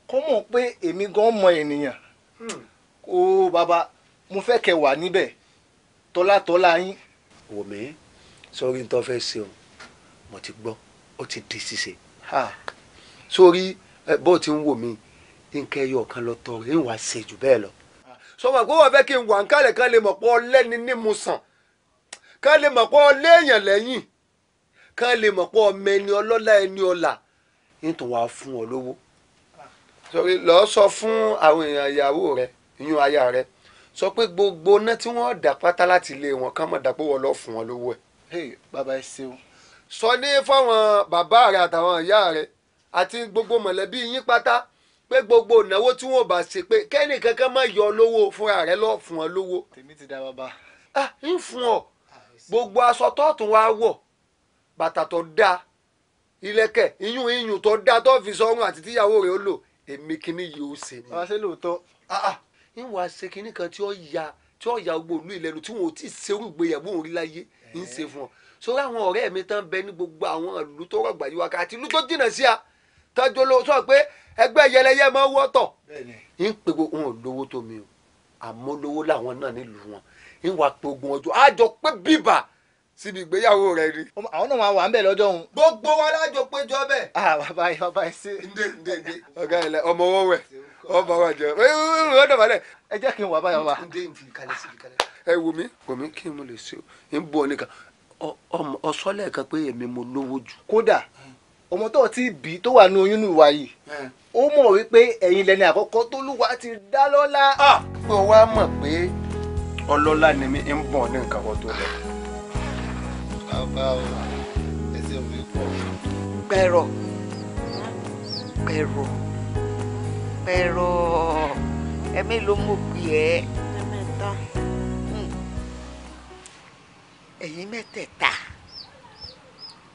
kọ́ mọ̀ pé èmi gan mọ ènìyàn hmm. o bàbá mo fẹ́ kẹ́ wà níbẹ̀ tọ́látọ́lá yín. wò mí sórí n tó fẹ́ ṣe o mo ti gbọ́ ó ti di ṣíṣe. sórí bó ti ń wò mí nǹkan ẹyọ kan lọ tọrọ ń wá ṣe jù bẹ́ẹ̀ lọ. sọmọ pé wọn fẹ́ kí n wà ń kálẹ̀ kán lè mọ̀ pé ọlẹ́ni ní mu sàn kán lè mọ̀ pé ọlẹ́yìn lẹ́yìn kán lè mọ̀ pé ọmọ ẹni ọlọ́lá ẹni ọlà nítorí wàá fún ọ lówó. lọ sọ fún àwọn èèyàn ìyàwó rẹ ìyún aya rẹ sọ pé gbogbo ná tí wọ́n dà pátá láti ilé wọn kán mọ̀ dà pé lọ fún wọn lówó ẹ̀. Hey, bàbá ẹ ṣeun. sọ ní fáwọn bàbá rẹ àtàwọn ìyá rẹ àti gbogbo mọ̀lẹ́bí yín pátá pé gbogbo ìnáwó tí wọn bá ṣe pé kẹ́ni kankan má yọ lówó fúnra rẹ lọ fún ọ lówó. tèmi ti da bàbá. ah ń fún ọ gbogbo aṣọ tọ́ọ̀tún wa wọ̀ bàtà tó dáa ilẹ̀kẹ̀ iyún iyún tó dáa tó fi sọ́run àti tíyàwó rẹ̀ ó lò èmi kìíní yìí ó ṣe ni. wàá ṣe lóòótọ́. ń wàá ṣe kìíní kan tí ó ya tí ó ya gbogbo ìlú ìlẹ́nu tí wọn ò tí ì ṣerú ìgbéyàwó òun rí láyé ń ṣe fún ọ. sórí àwọn ọ̀rẹ́ mi tán bẹ ní gbogbo àwọn ìlú tó rọ̀gbà yìí wákàtí ìlú tó jìnnà sí a tọ́jú olówó pé ẹgbẹ́ yẹlẹyẹ máa wọ́tọ̀ ń pe gbogbo wọn tó mi o àmọ́ làwọn náà nílùú wọn ń wá pe ogun ọjọ́ àjọ pé bíbà síbi ìgbéyàwó rẹ ni. àwọn náà máa wà wa lájọ ah bàbá ọmọ owó ọmọ wa jẹ ọ dọ̀bálẹ̀. ẹ jẹ́ kí n wà báyọ̀ ndé ndé kalẹ̀ síbi kalẹ̀. ẹ mi kí n mo lè ṣe bọ nìkan pé èmi mo ti bí tó wà ó mọ̀ wípé ẹ̀yin lẹni àkọ́kọ́ tÓlúwa ti dá lọ́lá. ó wá mọ̀ pé ọlọ́lá ni mi ń bọ̀ ní nǹkan kan tó lọ. bàbá o ẹsẹ̀ pẹ̀rọ pẹ̀rọ pẹ̀rọ ẹ̀mí ló mọ̀ pé ẹ́. Hmm. ẹ̀yin mẹ́tẹ̀ẹ̀ta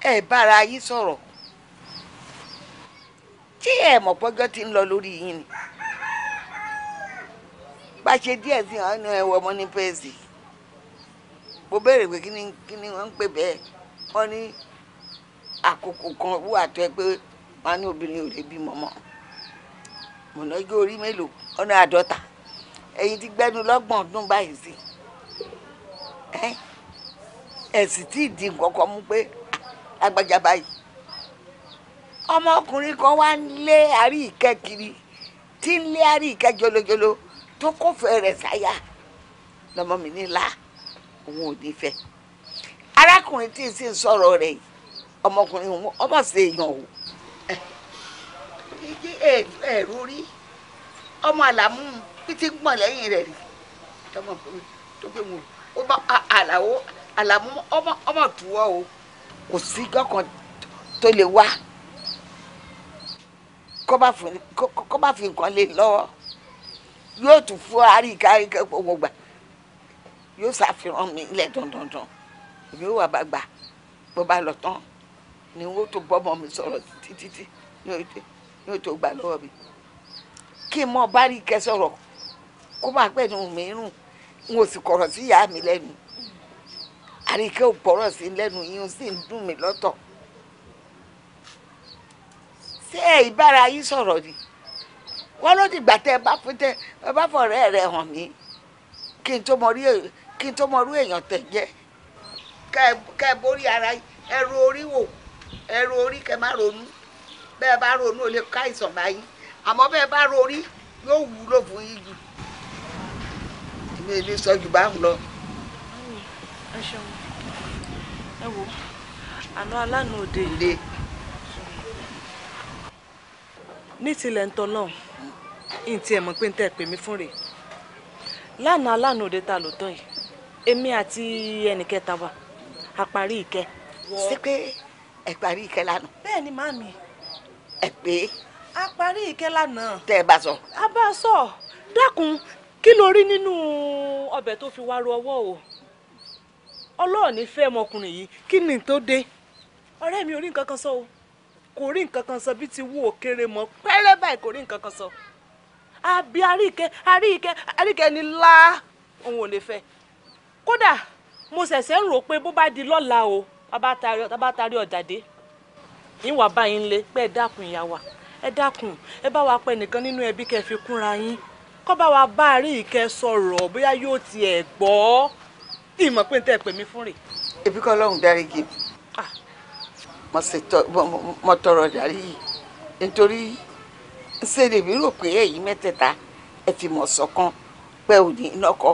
ẹ bára yín sọ̀rọ̀ tí ẹ mọ̀ pọ́jọ́ ti ń lọ lórí yín ni bá ṣe díẹ̀ sí ọ̀nà ẹ̀wọ̀ ọmọ ní pẹ́ẹ́sì mo béèrè pé kí ni kí ni wọ́n ń pè bẹ́ẹ̀ wọ́n ní àkókò kan wú àtọ́ ẹ pé wọn ní obìnrin ò lè bímọ mọ́ mọ̀nàjú orí mélòó ọ̀nà àádọ́ta ẹ̀yin ti gbẹ́nu lọ́gbọ̀n ọdún báyìí sí ẹ̀ sì tí ì di nǹkan kan mú pé agbájá báyìí ọmọkùnrin kan wá ń lé àrí ìkẹ́ kiri tí ń lé àrí ìkẹ́ jolojolo tó kófẹ́ rẹ̀ sáyà lọmọ mi nílá òun ò ní fẹ́ arákùnrin tí ń sì ń sọ̀rọ̀ rẹ̀ yìí ọmọkùnrin òun ọmọ sí èèyàn o ẹ̀rú rí ọmọ àlàmú títí gbọ̀n lẹ́yìn rẹ̀ rí tọmọ tó gbé wọn o bá àlàó àlàmú ọmọ ọmọ tùwọ́ o kò sí gọ́kàn tó lè wá kó bá fi nǹkan lé e lọ́wọ́ yóò tún fún àríkà àríkà gbogbo gbà yóò ṣàfihàn mi lẹ̀ dandandan èmi ò wà bá gbà bó bá lọ tán ni wọ́n tó bọ́mọ mi sọ̀rọ̀ títí ní òtò gbà lọ́wọ́ mi kí n mọ bá rí kẹ sọ̀rọ̀ kó máa pẹ̀lú mi rùn n ò sì kọ̀rọ̀ sí ìyá mi lẹ́nu àríkà ò bọ̀rọ̀ sí lẹ́nu yìí ó sì ń dùn mí lọ́tọ̀ ṣé ẹ ìbára yín sọ̀rọ̀ ni wọ́n ló dìgbà tẹ bá fún tẹ bá fọ̀rẹ́ rẹ hàn mí kí n tó mọ rí kí n tó mọ rú èèyàn tẹ̀ jẹ́ kẹ ẹ borí ara ẹrù orí wò ẹrù orí kẹ má ronú bẹ́ẹ̀ bá ronú ó lè ká ìsàn báyìí àmọ́ bẹ́ẹ̀ bá rorí yóò wúlò fún yín jù èmi èmi sọ jù bá lọ. ẹ ṣeun ẹ wo àná alánú òde ìlé. ní tilẹ̀ ń tọ́lọ́ ní tiẹ̀ mọ̀ pé ń tẹ̀ pè mí fún rèé lánàá lánàá òde ta ló tán yìí èmi àti ẹnìkẹta wa a parí ìkẹ. ṣé pé ẹ parí ìkẹ lánàá. bẹ́ẹ̀ ni màmí. ẹ pé. a parí ìkẹ lánàá. tẹ ẹ bá sọ. a bá sọ dákun kí ló rí nínú ọbẹ̀ tó fi wá ru ọwọ́ o ọlọ́ọ̀ni fẹ́ ọmọkùnrin yìí kí ni tó dé ọ̀rẹ́ mi ò rí nǹkan kan sọ o. kò rí nǹkan sọ bí ti wú òkèrè mọ pẹ́rẹ́ báyìí kò rí nǹkan kan sọ àbí àríkẹ́ àríkẹ́ àríkẹ́ ni lá òun ò lè kódà mo ṣẹ̀ṣẹ̀ ń rò pé bó bá di lọ́la o bá dé báyìí ń ẹ bá wa pẹ nìkan nínú ẹbí kẹ́ fi kúnra yín wa bá sọ̀rọ̀ bóyá yóò gbọ́ ìmọ̀ pé ń tẹ́ mo tọrọ jàre yìí nítorí ṣe lèmi rò pé ẹ̀yin mẹ́tẹ̀ẹ̀ta ẹ fi mọ̀ ṣọ̀kan pé ò ní nọ́kọ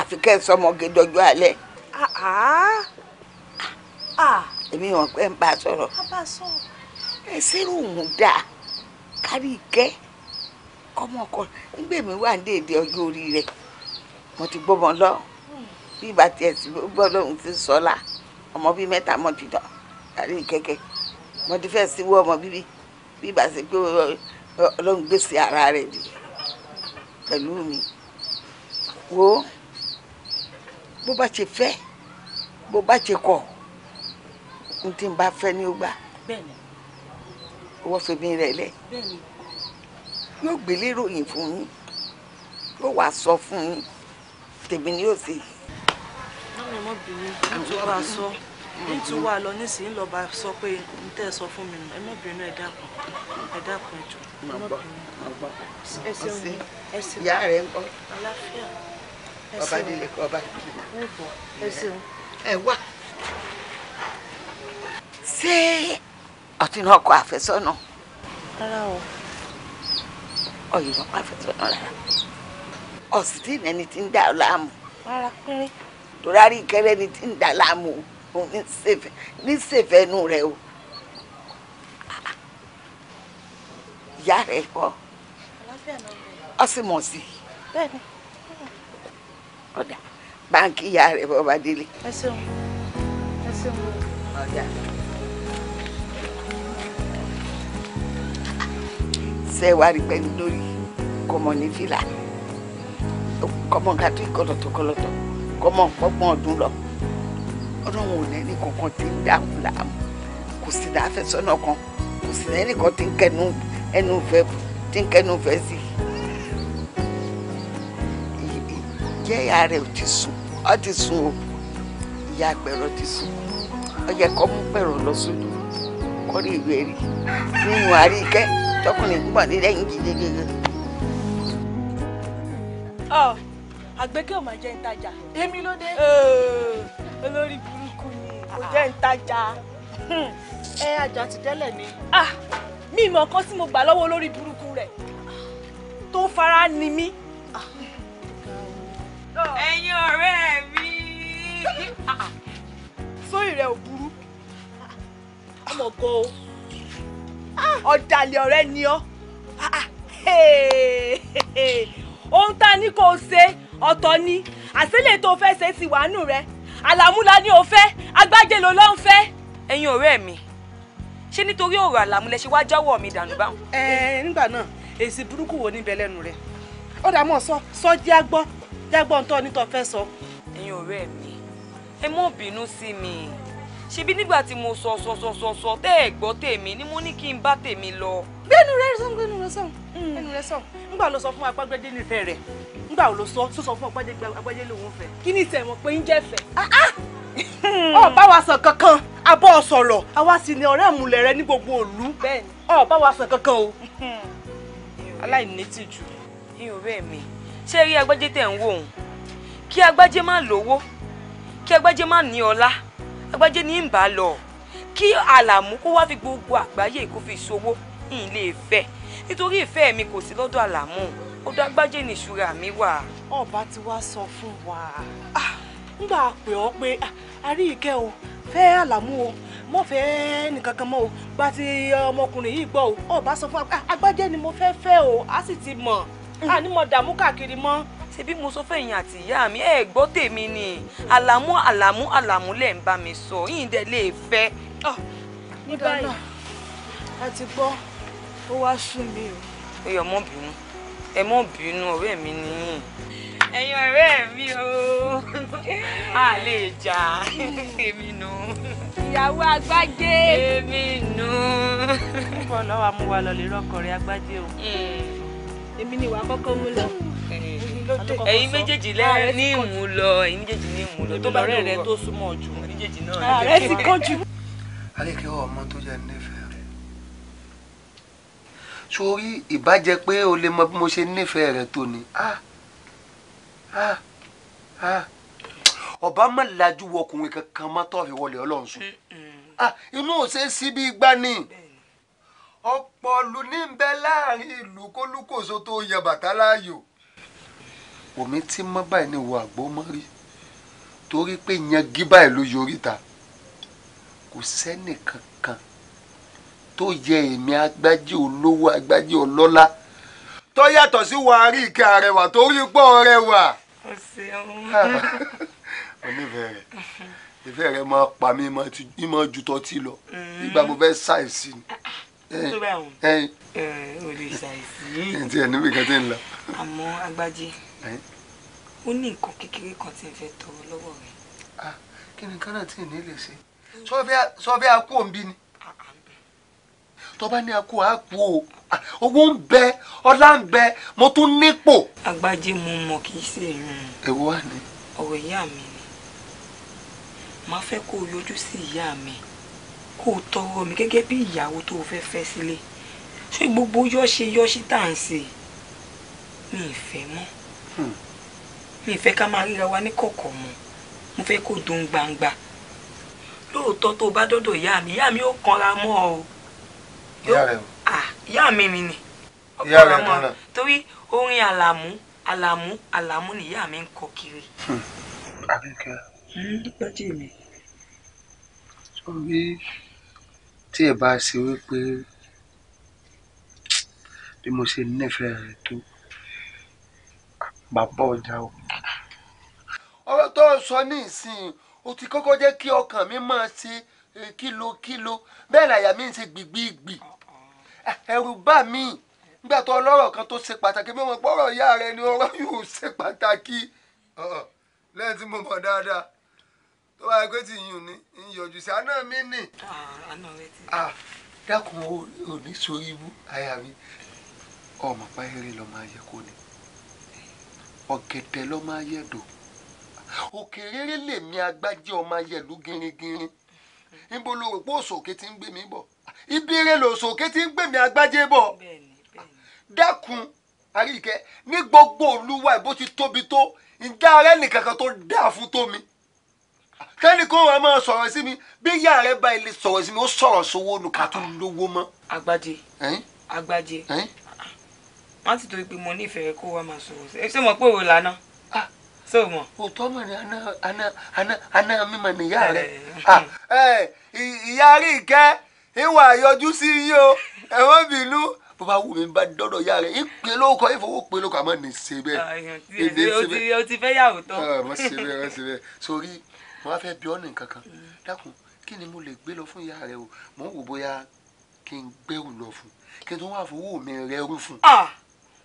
àfi kẹ́ ẹ sọmọge dọjọ́ alẹ́. Ah. Ah. èmi wọn pẹ́ ń bá a sọ̀rọ̀ ẹ ṣerú òun dáa kárí ìkẹ́ ọmọkọ nígbà èmi wà ní èdè ọjọ́ orí rẹ̀ mo ti hmm. gbọ́ mọ́ lọ bí ìbá tiẹ̀ sí gbọ́ lóhun ti sọ́la ọmọ bíi mẹ́ta mọ́ ti dán àrí kẹ̀kẹ́ mo ti fẹ́ síwọ́ ọmọ bíbí bí ìbá ṣe pé ọlọ́run gbèsè ara rẹ̀ dì pẹ̀lú mi wo bó bá ṣe fẹ́ bó bá ṣe kọ̀ n tí n bá fẹ́ ní ó owó fèmí rẹ̀ lẹ̀ yóò gbélé ìròyìn fún yín yóò wá sọ fún yín tèmi ni yóò ṣe. náà ni mo bìnrin mo ti sọ nítorí wà lọ nísìnyí lọ́ba sọ pé n tẹ́ sọ fún mi nù ẹ má bínú ẹ dákun ẹ dákun ẹ jù ẹ má bínú. ẹ ṣeun ẹ ṣeun ìyá rẹ ń kọ́ àlàáfíà ẹ ṣeun ọba délé kọ ọba kì í ẹ ṣeun ẹ wá. ṣé ọtí náà kọ àfẹ́sọ́nà. rárá o. ọyìnbọn pàfẹ́sọ́nà rárá ọ̀sìn tí ìnẹni ti ń dà ọ́ láàmú. rárá péré. torí àríkẹ́rẹ́ ni ti ń dà láàmú ní sèfẹ́nu rẹ o ìyá rẹ kọ ọ sì mọ̀ sí ọ̀dà báńkì ìyá rẹ bọ́ba délé. ẹ ṣeun ẹ ṣeun. ọ̀dà. ṣe wá rí pẹ̀lú lórí kọmọ ní fìlà kọmọ kàtó ìkọlọtọ kọlọtọ kọmọ pọgbọn ọdún lọ ọlọ́run ò lẹ́ni kankan tí ń dáhùn láàmú kò sì dá àfẹ́sọ́nà kan kò sì lẹ́ni kan tí ń kẹnu ẹnu fẹ́ tí ń kẹnu fẹ́ sí i ìyá rẹ̀ ò ti sùn ọ́ ti sùn o ìyá àgbẹ̀rọ ti sùn ó yẹ kó mú pẹ̀rọ lọ sódò kó rí ìwé rí nínú àríkẹ́ tọkùnrin gbọ́n nílẹ̀ yín gidigidi àgbékẹ́ ò máa jẹ́ ìtajà. èmi ló dé. olórí burúkú ni kò jẹ́ ìtajà. ẹ ajá ti tẹ́lẹ̀ ni. Ah, mi ìmọ̀ kan tí mo gbà lọ́wọ́ olórí burúkú rẹ̀ tó fara ni mí. ẹ̀yin ọ̀rẹ́ mi. sóyè rẹ̀ ò burú. ọmọ gan o ọ̀dàlẹ̀ ọ̀rẹ́ ni ọ́ ah, ah, ohun tá a ní kó o ṣe ọ̀tọ̀ ni àṣìlẹ̀ tó fẹ́ ṣe sí wàánù rẹ àlàmúlá ni o fẹ́ agbájé ló ló ń fẹ́. ẹ̀yin ọ̀rẹ́ mi ṣé nítorí ọ̀rọ̀ àlàmúlẹ̀ ṣe wá jáwọ́ mi dànù báwọn. ẹ ẹ nígbà náà èsì burúkú wo níbẹ̀ lẹ́nu rẹ̀ ó dà mọ́ sọ sọ jágbọ́ jágbọ́ ntọ́ nítọ́ sọ. ẹ̀yin ọ̀rẹ́ mi ẹ mọ́ bínú sí mi ṣebí nígbà tí mo sọ sọ sọ sọ sọ tẹ́ ẹ̀ gbọ́ tèmi ni mo ní kí n bá tèmi lọ. gbẹ́nu rẹ sọ gbẹ́nu rẹ sọ hmm. gbẹ́nu rẹ sọ ńgbà ló sọ fún apágbẹ́dé nífẹ̀ẹ́ rẹ̀ ńgbà ló sọ tó sọ fún apágbẹ́dé lòun fẹ́ kí ni tẹ̀mọ̀ pé ń jẹ́fẹ̀. ọ̀ ah, ah! hmm. bá wa sàn kankan abọ́ sọ̀rọ̀ àwa sì ni ọ̀rẹ́ àmúlẹ̀ rẹ ní gbogbo òlu ọ̀ bá wa sàn kankan o. Hmm. aláìnítìjú ihò bẹ́ẹ̀ mi ṣé rí agbájé tẹ̀ ń wò ó kí agbájé má kí agbájé má ní ọlá agbájé ní ìbá lọ kí àlàmú kó wá fi gbogbo àgbáyé kó fi ṣòwò ń lè fẹ́ nítorí ìfẹ́ mi kò sí lọ́dọ̀ àlàmú ọ̀dọ̀ agbájé ní ìṣúra mi wà. ọba ti wá sọ fún wa ah, ngbà pé ọ pé àríyìnkẹ́ ah, o fẹ́ àlàmú o mo fẹ́ nìkan kan mọ́ o bá ti ọmọkùnrin yìí gbọ́ o ọba sọ fún agbájé ni mo fẹ́ fẹ́ o a sì ti mọ̀ àní mo dààmú káàkiri mọ́ ṣe bí mo sọ fẹ́ yín àti ìyá mi ẹ gbọ́ tèmi ni àlàmú àlàmú àlàmú lẹ̀ ń bá mi sọ yín dẹ̀ lè fẹ́. Ah, ní báyìí a ti gbọ́ ó wá sùn mí o. ó yọ mọ́ bínú ẹ mọ́ bínú ọ̀rẹ́ mi nìyí ẹ̀yin ọ̀rẹ́ mi o a lè jà èmi nù. ìyàwó agbájé. èmi nù. púpọ̀ lọ́wọ́ amúwa lọ lè rọ́kọ̀ rẹ̀ agbájé o. Hmm. èmi ni ìwà kọ́kọ́ mú lọ. Hmm ẹ̀yin méjèèjì lẹ́rẹ̀ ní ìmú lọ ẹ̀yin méjèèjì ní ìmú lọ tó bá rẹ̀ rẹ̀ tó súnmọ́ jù méjèèjì náà. ààrẹ ti kán jù. alékèwọ́ ọmọ tó jẹ́ nífẹ̀ẹ́ rẹ̀ sórí ìbàjẹ́ pé o lè mọ bí mo ṣe nífẹ̀ẹ́ rẹ̀ tó ni ọba má lajú ọkùnrin kankan má tọ́ wọlé ọlọ́run sùn inú ò ṣe é ni ọ̀pọ̀ ní bẹ láàrin ìlú kólúkòso tó yẹ bàtà láàyò omi tí mọ́ báyìí ni wo àgbo mọ́ rí torí pé yangi báyìí ló yorí ta kò sẹ́nì kankan tó yẹ èmi agbájé olówó agbájé ọlọ́lá tó yàtọ̀ sí wàá rí ike àrẹwà tó rí pọ̀ rẹwà. o ṣeun. onífẹ̀ẹ́ rẹ̀ ìfẹ́ rẹ máa pa mí máa ju tọ́tí lọ nígbà mo fẹ́ ṣàìsí. tó bá wù ú lè ṣàìsí. ẹ ti ẹ̀ níbi kan tí ń lọ. àmọ́ agbájé ó ní nǹkan kékeré kan tí n fẹ́ tọrọ lọ́wọ́ rẹ̀. kí ni kánà tí ìní lè ṣe sọ bí akú òǹbí ni tó bá ní akú àkú o owó ń bẹ ọlá ń bẹ mo tún nípò. agbájé mo mọ kì í ṣe irun. èwo wà ní. ọ̀rọ̀ ìyá mi ni màá fẹ́ kó o yọjú sí ìyá mi kó o tọrọ mi gẹ́gẹ́ bí ìyàwó tó o fẹ́ fẹ́ sílé ṣé gbogbo yọ́ṣe yọ́ṣe tá à ń ṣe mi ì fẹ́ mọ́. Hmm. mi fẹ́ ká máa ríra wa ní kọ̀kọ̀ mọ́ mo fẹ́ kó dùn gbangba lóòótọ́ tó bá dọ́dọ̀ ìyá mi ìyá mi ó kanra mọ́ ọ. ìyá rẹ o. Ah, ìyá mi mi ni. ìyá rẹ kan náà. torí orin àlàmú àlàmú àlàmú ni ìyá mi ń kọ kiri. Hmm. àbíkẹ́. lọ́jọ́ hmm, mi. sórí tí ẹ bá ṣe wípé bí mo ṣe nífẹ̀ẹ́ rẹ tó bàbá ọjà o. ọ̀rọ̀ tó o sọ ní ìsìn o ti kọ́kọ́ jẹ́ kí ọkàn mi máa ṣe kílokílo eh, bẹ́ẹ̀ làyà mi ń ṣe gbìgbìgbì eh, ẹ̀rù bà mí nígbà tó ọlọ́rọ̀ kan tó ṣe pàtàkì bí wọ́n gbọ́rọ̀ ìyá rẹ ni ọ̀rọ̀ yóò ṣe pàtàkì. lẹ́yìn tí mo mọ̀ dáadáa tó bá yẹ pé tí yìnyín ni ìyọ̀jú sí àná mi nì. Ah, ah, dákun ò ní sórí ibú àyà mi ọmọ páyẹrẹ lọ máa yẹ kó ni ọ̀gẹ̀dẹ̀ lọ́mọ ayẹ̀dò òkèrèrè lèmi agbájẹ́ ọmọ ayẹ̀lú gírígírín níbo ló rò pé òsòkè ti ń gbé mi bọ̀ ibire lòsòkè ti ń gbé mi agbájẹ́ bọ̀ dákun àríkẹ́ ní gbogbo olúwa ìbò ti tóbi tó ǹjẹ́ ara ẹnìkankan tó dáa fún tómi tẹ́ni kó wọn máa sọ̀rọ̀ sí mi bí ìyá rẹ bá ilé sọ̀rọ̀ sí mi ó sọ̀rọ̀ sówó nù ká tún lówó mọ́. agbájé agbájé má ti torí pé mo nífẹ̀ẹ́ kó wá máa sọ̀rọ̀ ẹ ṣé mo pé òwe lànà ah. ṣé o mọ̀. òótọ́ mọ̀ ní aná aná aná aná mímọ̀ níyà rẹ̀ ìyá eh, eh, ah, eh, rí ìkẹ́ ìwà àyọjú sí yín o ẹ̀wọ́n bínú bó bá wù mí bá dọ́dọ̀ yá rẹ̀ ìpè lóko ìfowó pè lóko àmọ́ ní ṣe bẹ́ẹ̀ ah, èdè ṣe bẹ́ẹ̀ o ti fẹ́ yàwó tán. wọ́n ṣe bẹ́ẹ̀ wọ́n ṣe bẹ́ẹ̀ sórí wọ́n á fẹ́ bí ọ́nà nǹkan kan dákun kí ni mo lè gbé lọ fún ìyá rẹ o mò ń wò bóyá kí n gbẹ́rù lọ fún kí n tún wà fowó mi rẹ rú fún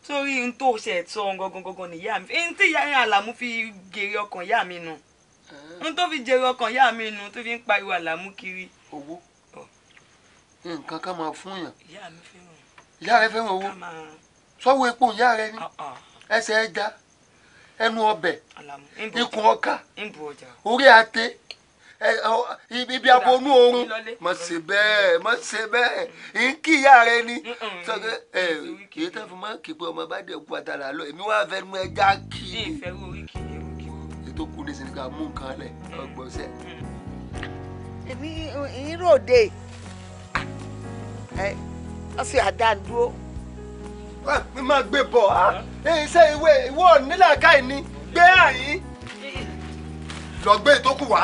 sórí n tó ṣe ẹ̀tọ́ ohun gangan gangan ni ìyá mi n tí ìyá yẹn àlàmú fi gèrè ọkàn ìyá mi nù ah. n tó fi jèrè ọkàn ìyá mi nù tó fi ń pariwo àlàmú kiri. owó nǹkan kan máa fún yàn ìyá rẹ fẹ́ràn owó sọ́wọ́ epo ìyá rẹ ni ah, ah. ẹsẹ̀ ẹja ẹnu ọbẹ̀ ikùn ọkà orí ate ibi abonú oorun má ṣe bẹ́ẹ̀ má ṣe bẹ́ẹ̀ nkíyà rẹ ni sọgbẹ ẹ kì í tẹ́fù mọ́ kí pé ọmọ bá dẹ̀ kú àtàlà lọ èmi wá fẹ́ mú ẹja kí i ètò kù ní sinmi ká mú nǹkan lẹ̀ mm. ọgbọ̀n sẹ́. Mm. èmi ìròde ẹ ọsẹ àdàdúró. mi máa gbé bọ̀ á ṣé ìwé ìwọ nílẹ̀ káì ni gbé àyín lọ gbé ìtókù wá.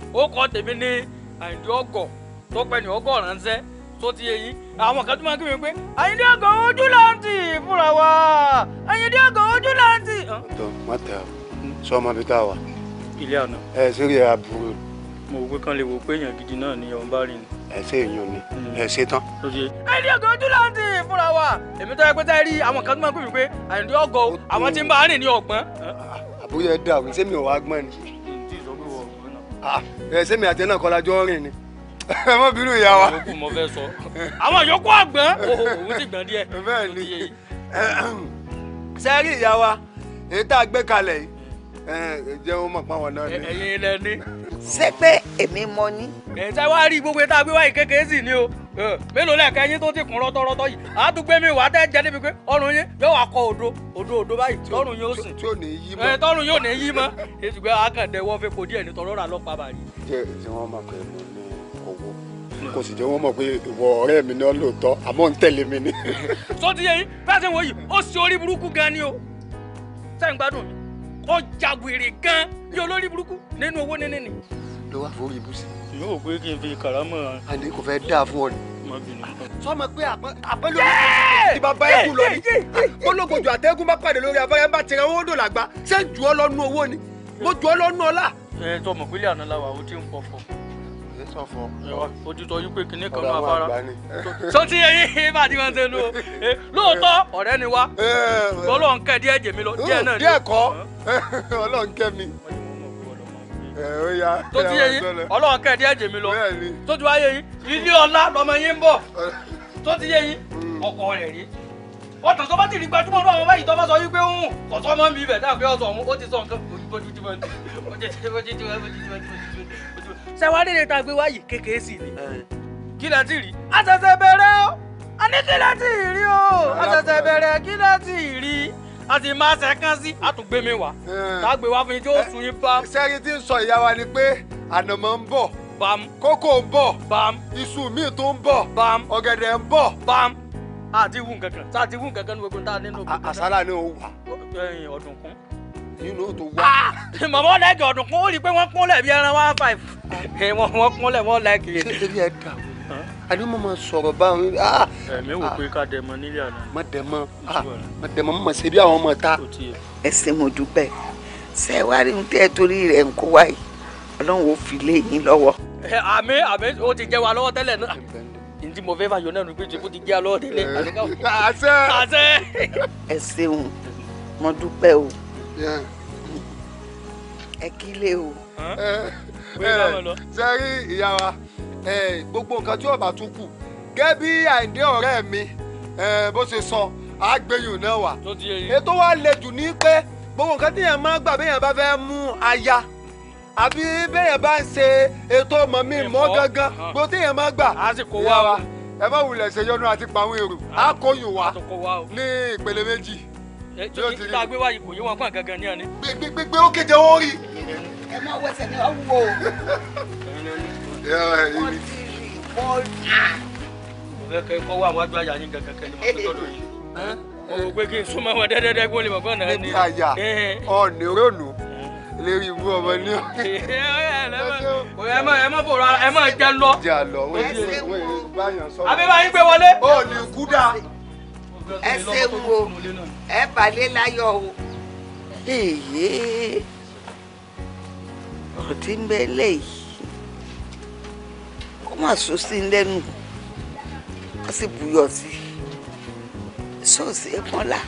ó kọ́ tèmi ní àyíndé ọgọ̀ tó pẹ́ ní ọgọ́ ránṣẹ́ tó ti yé yín àwọn kan tó máa ń kí mi pé àyíndé ọgọ̀ ojú láǹtì fúnra wa àyíndé ọgọ̀ ojú láǹtì. tó má tẹ ọ sọ ọmọ bíi tá a wà. ilé àná. ẹ ṣe rí aburú. mo wò pé kán lè wò pé èèyàn gidi náà ni ọ̀n bá rí ni. ẹ ṣe èèyàn ni mm. ẹ ṣe tán. àyíndé ọgọ̀ ojú láǹtì fúnra wa èmi tó yẹ pé táyà rí àwọn kan tó máa ń kí mi pé àyíndé ọgọ̀ àwọn tí ń bá a rìn ní ọ̀gbọ́n. Ah, àbúyẹ dà wí sẹ́mi ò wá gbọ́n ni. ẹsẹ ah, mi àti ẹ náà kọlá jọ rìn ni ẹ mọ bínú ìyá wa. àwọn sọ àwọn ti gbọ́n díẹ̀. bẹ́ẹ̀ ni sẹ́rí ìyá wa èyí tá a gbé kalẹ̀ jẹ́ wọn mọ̀ pa náà ni. ẹ̀yin ilẹ̀ ni. ṣé pé èmi mọ ní. ẹ ṣe wá rí gbogbo tá gbé wáyé kékeré sì ni o mélòó lẹ́ẹ̀kẹ́ yín tó ti kún rọ́tọ́rọ́tọ́ yìí á tún gbé mi tẹ́ jẹ́ débi pé ọrùn yín yóò wá kọ òdo òdo òdo báyìí tọrùn yóò sìn tí ò ní yí mọ́ tọrùn yóò ní yí mọ́ èsùgbẹ́ akàndẹ́wọ́ fẹ́ kó díẹ̀ ní tọrọ́ra lọ́pàá bàrí. jẹ jẹ wọn máa pè é mọ ní owó kò sì jẹ́ wọ́n mọ̀ pé ìwọ ọ̀rẹ́ mi náà lóòótọ́ àmọ́ ń tẹ̀lé mi ni. sọ ti yẹ yín bá ó ṣe orí burúkú gan ni o sẹ́yìn gbádùn mi ọjà wèrè gan ní olórí burúkú nínú owó níní ni. ló wá fún ibú sí. yóò pé kí n fi kàrámọ̀. àní kò fẹ́ dáa fún ọ ni. sọmọ pé àpẹẹrẹ olóògùn ti bá bá ẹkún lọ ni olóògùn jù bá pàdé lórí abáyá bá tẹ̀ra owó dò làgbá ṣé jù ọ lọ nú owó ni mo jù ọ lọ nú ọlá. ẹ tọmọ pílẹ̀ àná làwà ó ti ń pọ̀ fọ̀ sọ fún ọ. ojú tọjú pé kinní kan máa fara tó ti eyín bá ti máa ṣe lu lóòótọ́ ọ̀rẹ́ ni wá ọlọ́run kẹ́ díẹ̀ jèmi lọ díẹ̀ náà ni. díẹ̀ kọ́ ọlọ́run kẹ́ mi tó ti yẹyin ọlọ́run kẹ́ẹ̀dí ẹ̀jẹ̀ mi lọ tó ti wá yẹyin ilé ọlá lọmọ yín ń bọ̀ tó ti yẹyin hmm. ọkọ rẹ̀ rí ọ̀tàn tó bá ti rí gbajúmọ̀ náà wọn báyìí tó bá sọ wípé ń kò sọ ọmọ mi ibẹ̀ dáàbí ọ̀sán ọ̀hún ó ti sọ nǹkan bójúbójú bójú bójú bójú bójú bójú bójú bójú bójú sẹwárí ni tàgbé wáyé kékeré sì ni. kí la ti rí. a ṣẹ̀ṣẹ̀ bẹ̀rẹ̀ o a ní kí la ti rí o a ṣẹ̀ṣẹ̀ bẹ̀rẹ̀ kí la ti rí a sì máa ṣe kán sí àtúgbé mi wá tàgbé wá fún yín tí ó sun yín bá. sẹ́yìn tí ń sọ ìyá wa ni pé ànàmọ́ ń bọ̀ bam ń bọ̀ iṣu mi tó ń bọ̀ ọ̀gẹ̀dẹ̀ ń bọ̀ bam àti wù kankan tá a ti wù kankan ní gbogbo tá a nínú gbogbo. àṣálà ni ó wà. ọdún kún you know to work. mọ̀mọ́ lẹ́gì ọ̀dùn kún ó rí i pé wọ́n kúnlẹ̀ bí ẹran one five eh, wọ́n kúnlẹ̀ wọ́n lẹ́gì. ṣé eré ẹ dà wọ́n àdé mo máa sọ̀rọ̀ báwọn. Ah! ẹ̀mí wò pé ká dẹmọ nílé àná. Ah, má dẹmọ ah, má dẹmọ má ṣe bí àwọn ọmọ ta. ẹ ṣé mo dúpẹ́ ṣe wá rí ohun tí ẹ torí rẹ̀ ń kó wáyé ọlọ́run ò fi lé yín lọ́wọ́. àmì eh, àmì ó ti jẹ́ wa lọ́wọ́ tẹ́lẹ̀ náà ntí mo fẹ́ fà yọ náà nu pé jìbù ti jẹ́ alọ́ tẹ́lẹ̀. Eh, àṣẹ àṣẹ. ẹ ṣeun mo dúpẹ́ o ẹ kí lé o. sẹ́rí eh, eh, ìyá wa eh, gbogbo nǹkan tí ọba tún kù gẹ́gẹ́ bí àìndé ọ̀rẹ́ mi bó ṣe sọ àgbẹ̀yìn náà wà ètò wa le jù ní pé gbogbo nǹkan tí yẹn máa gbà bẹ́ẹ̀ yẹn bá fẹ́ mú aya àbí bẹ́ẹ̀ bá ń ṣe ètò ọmọ mi mọ́ gangan gbogbo tí yẹn máa gbà ìyá ẹ bá wulẹ̀ ṣe yọnu àti pàwọn èrò á kóyùn ní ìpele méjì ìta gbé wáyé kò yé wọn kàn gangan ní ẹni. gbẹgbẹgbẹ ó kéde ó rí. ẹ má wẹsẹ̀ ní ọwọ́ o. wọ́n ti rí wọ́n á. mo fẹ́ kẹ́ kọ́ wá àwọn àjọ àyà yín gangan kẹ́ni mo fi tọ́lọ̀ yìí. mo rò pé kí n súnmọ́ wọn dẹ́dẹ́dẹ́ kí wọ́n lè mọ̀ gbọ́n náà ni. níta yà ọ̀nì rónù lérí ibú ọmọ ní ọ̀hún. ẹ má bòrò ara ẹ má jẹ lọ. jà lọ wọ́n ti báyọ̀ sọ. àbí báyìí gbé wọlé. ó ní kúdà ẹ ṣeun o ẹ balẹ̀ láyọ̀ o ọ̀rọ̀ tí ń bẹ lẹ́yìí ó mà sọ sí lẹ́nu ó sì buyọ̀ sí ṣọ́ọ̀ṣì ẹ̀pọ́nlá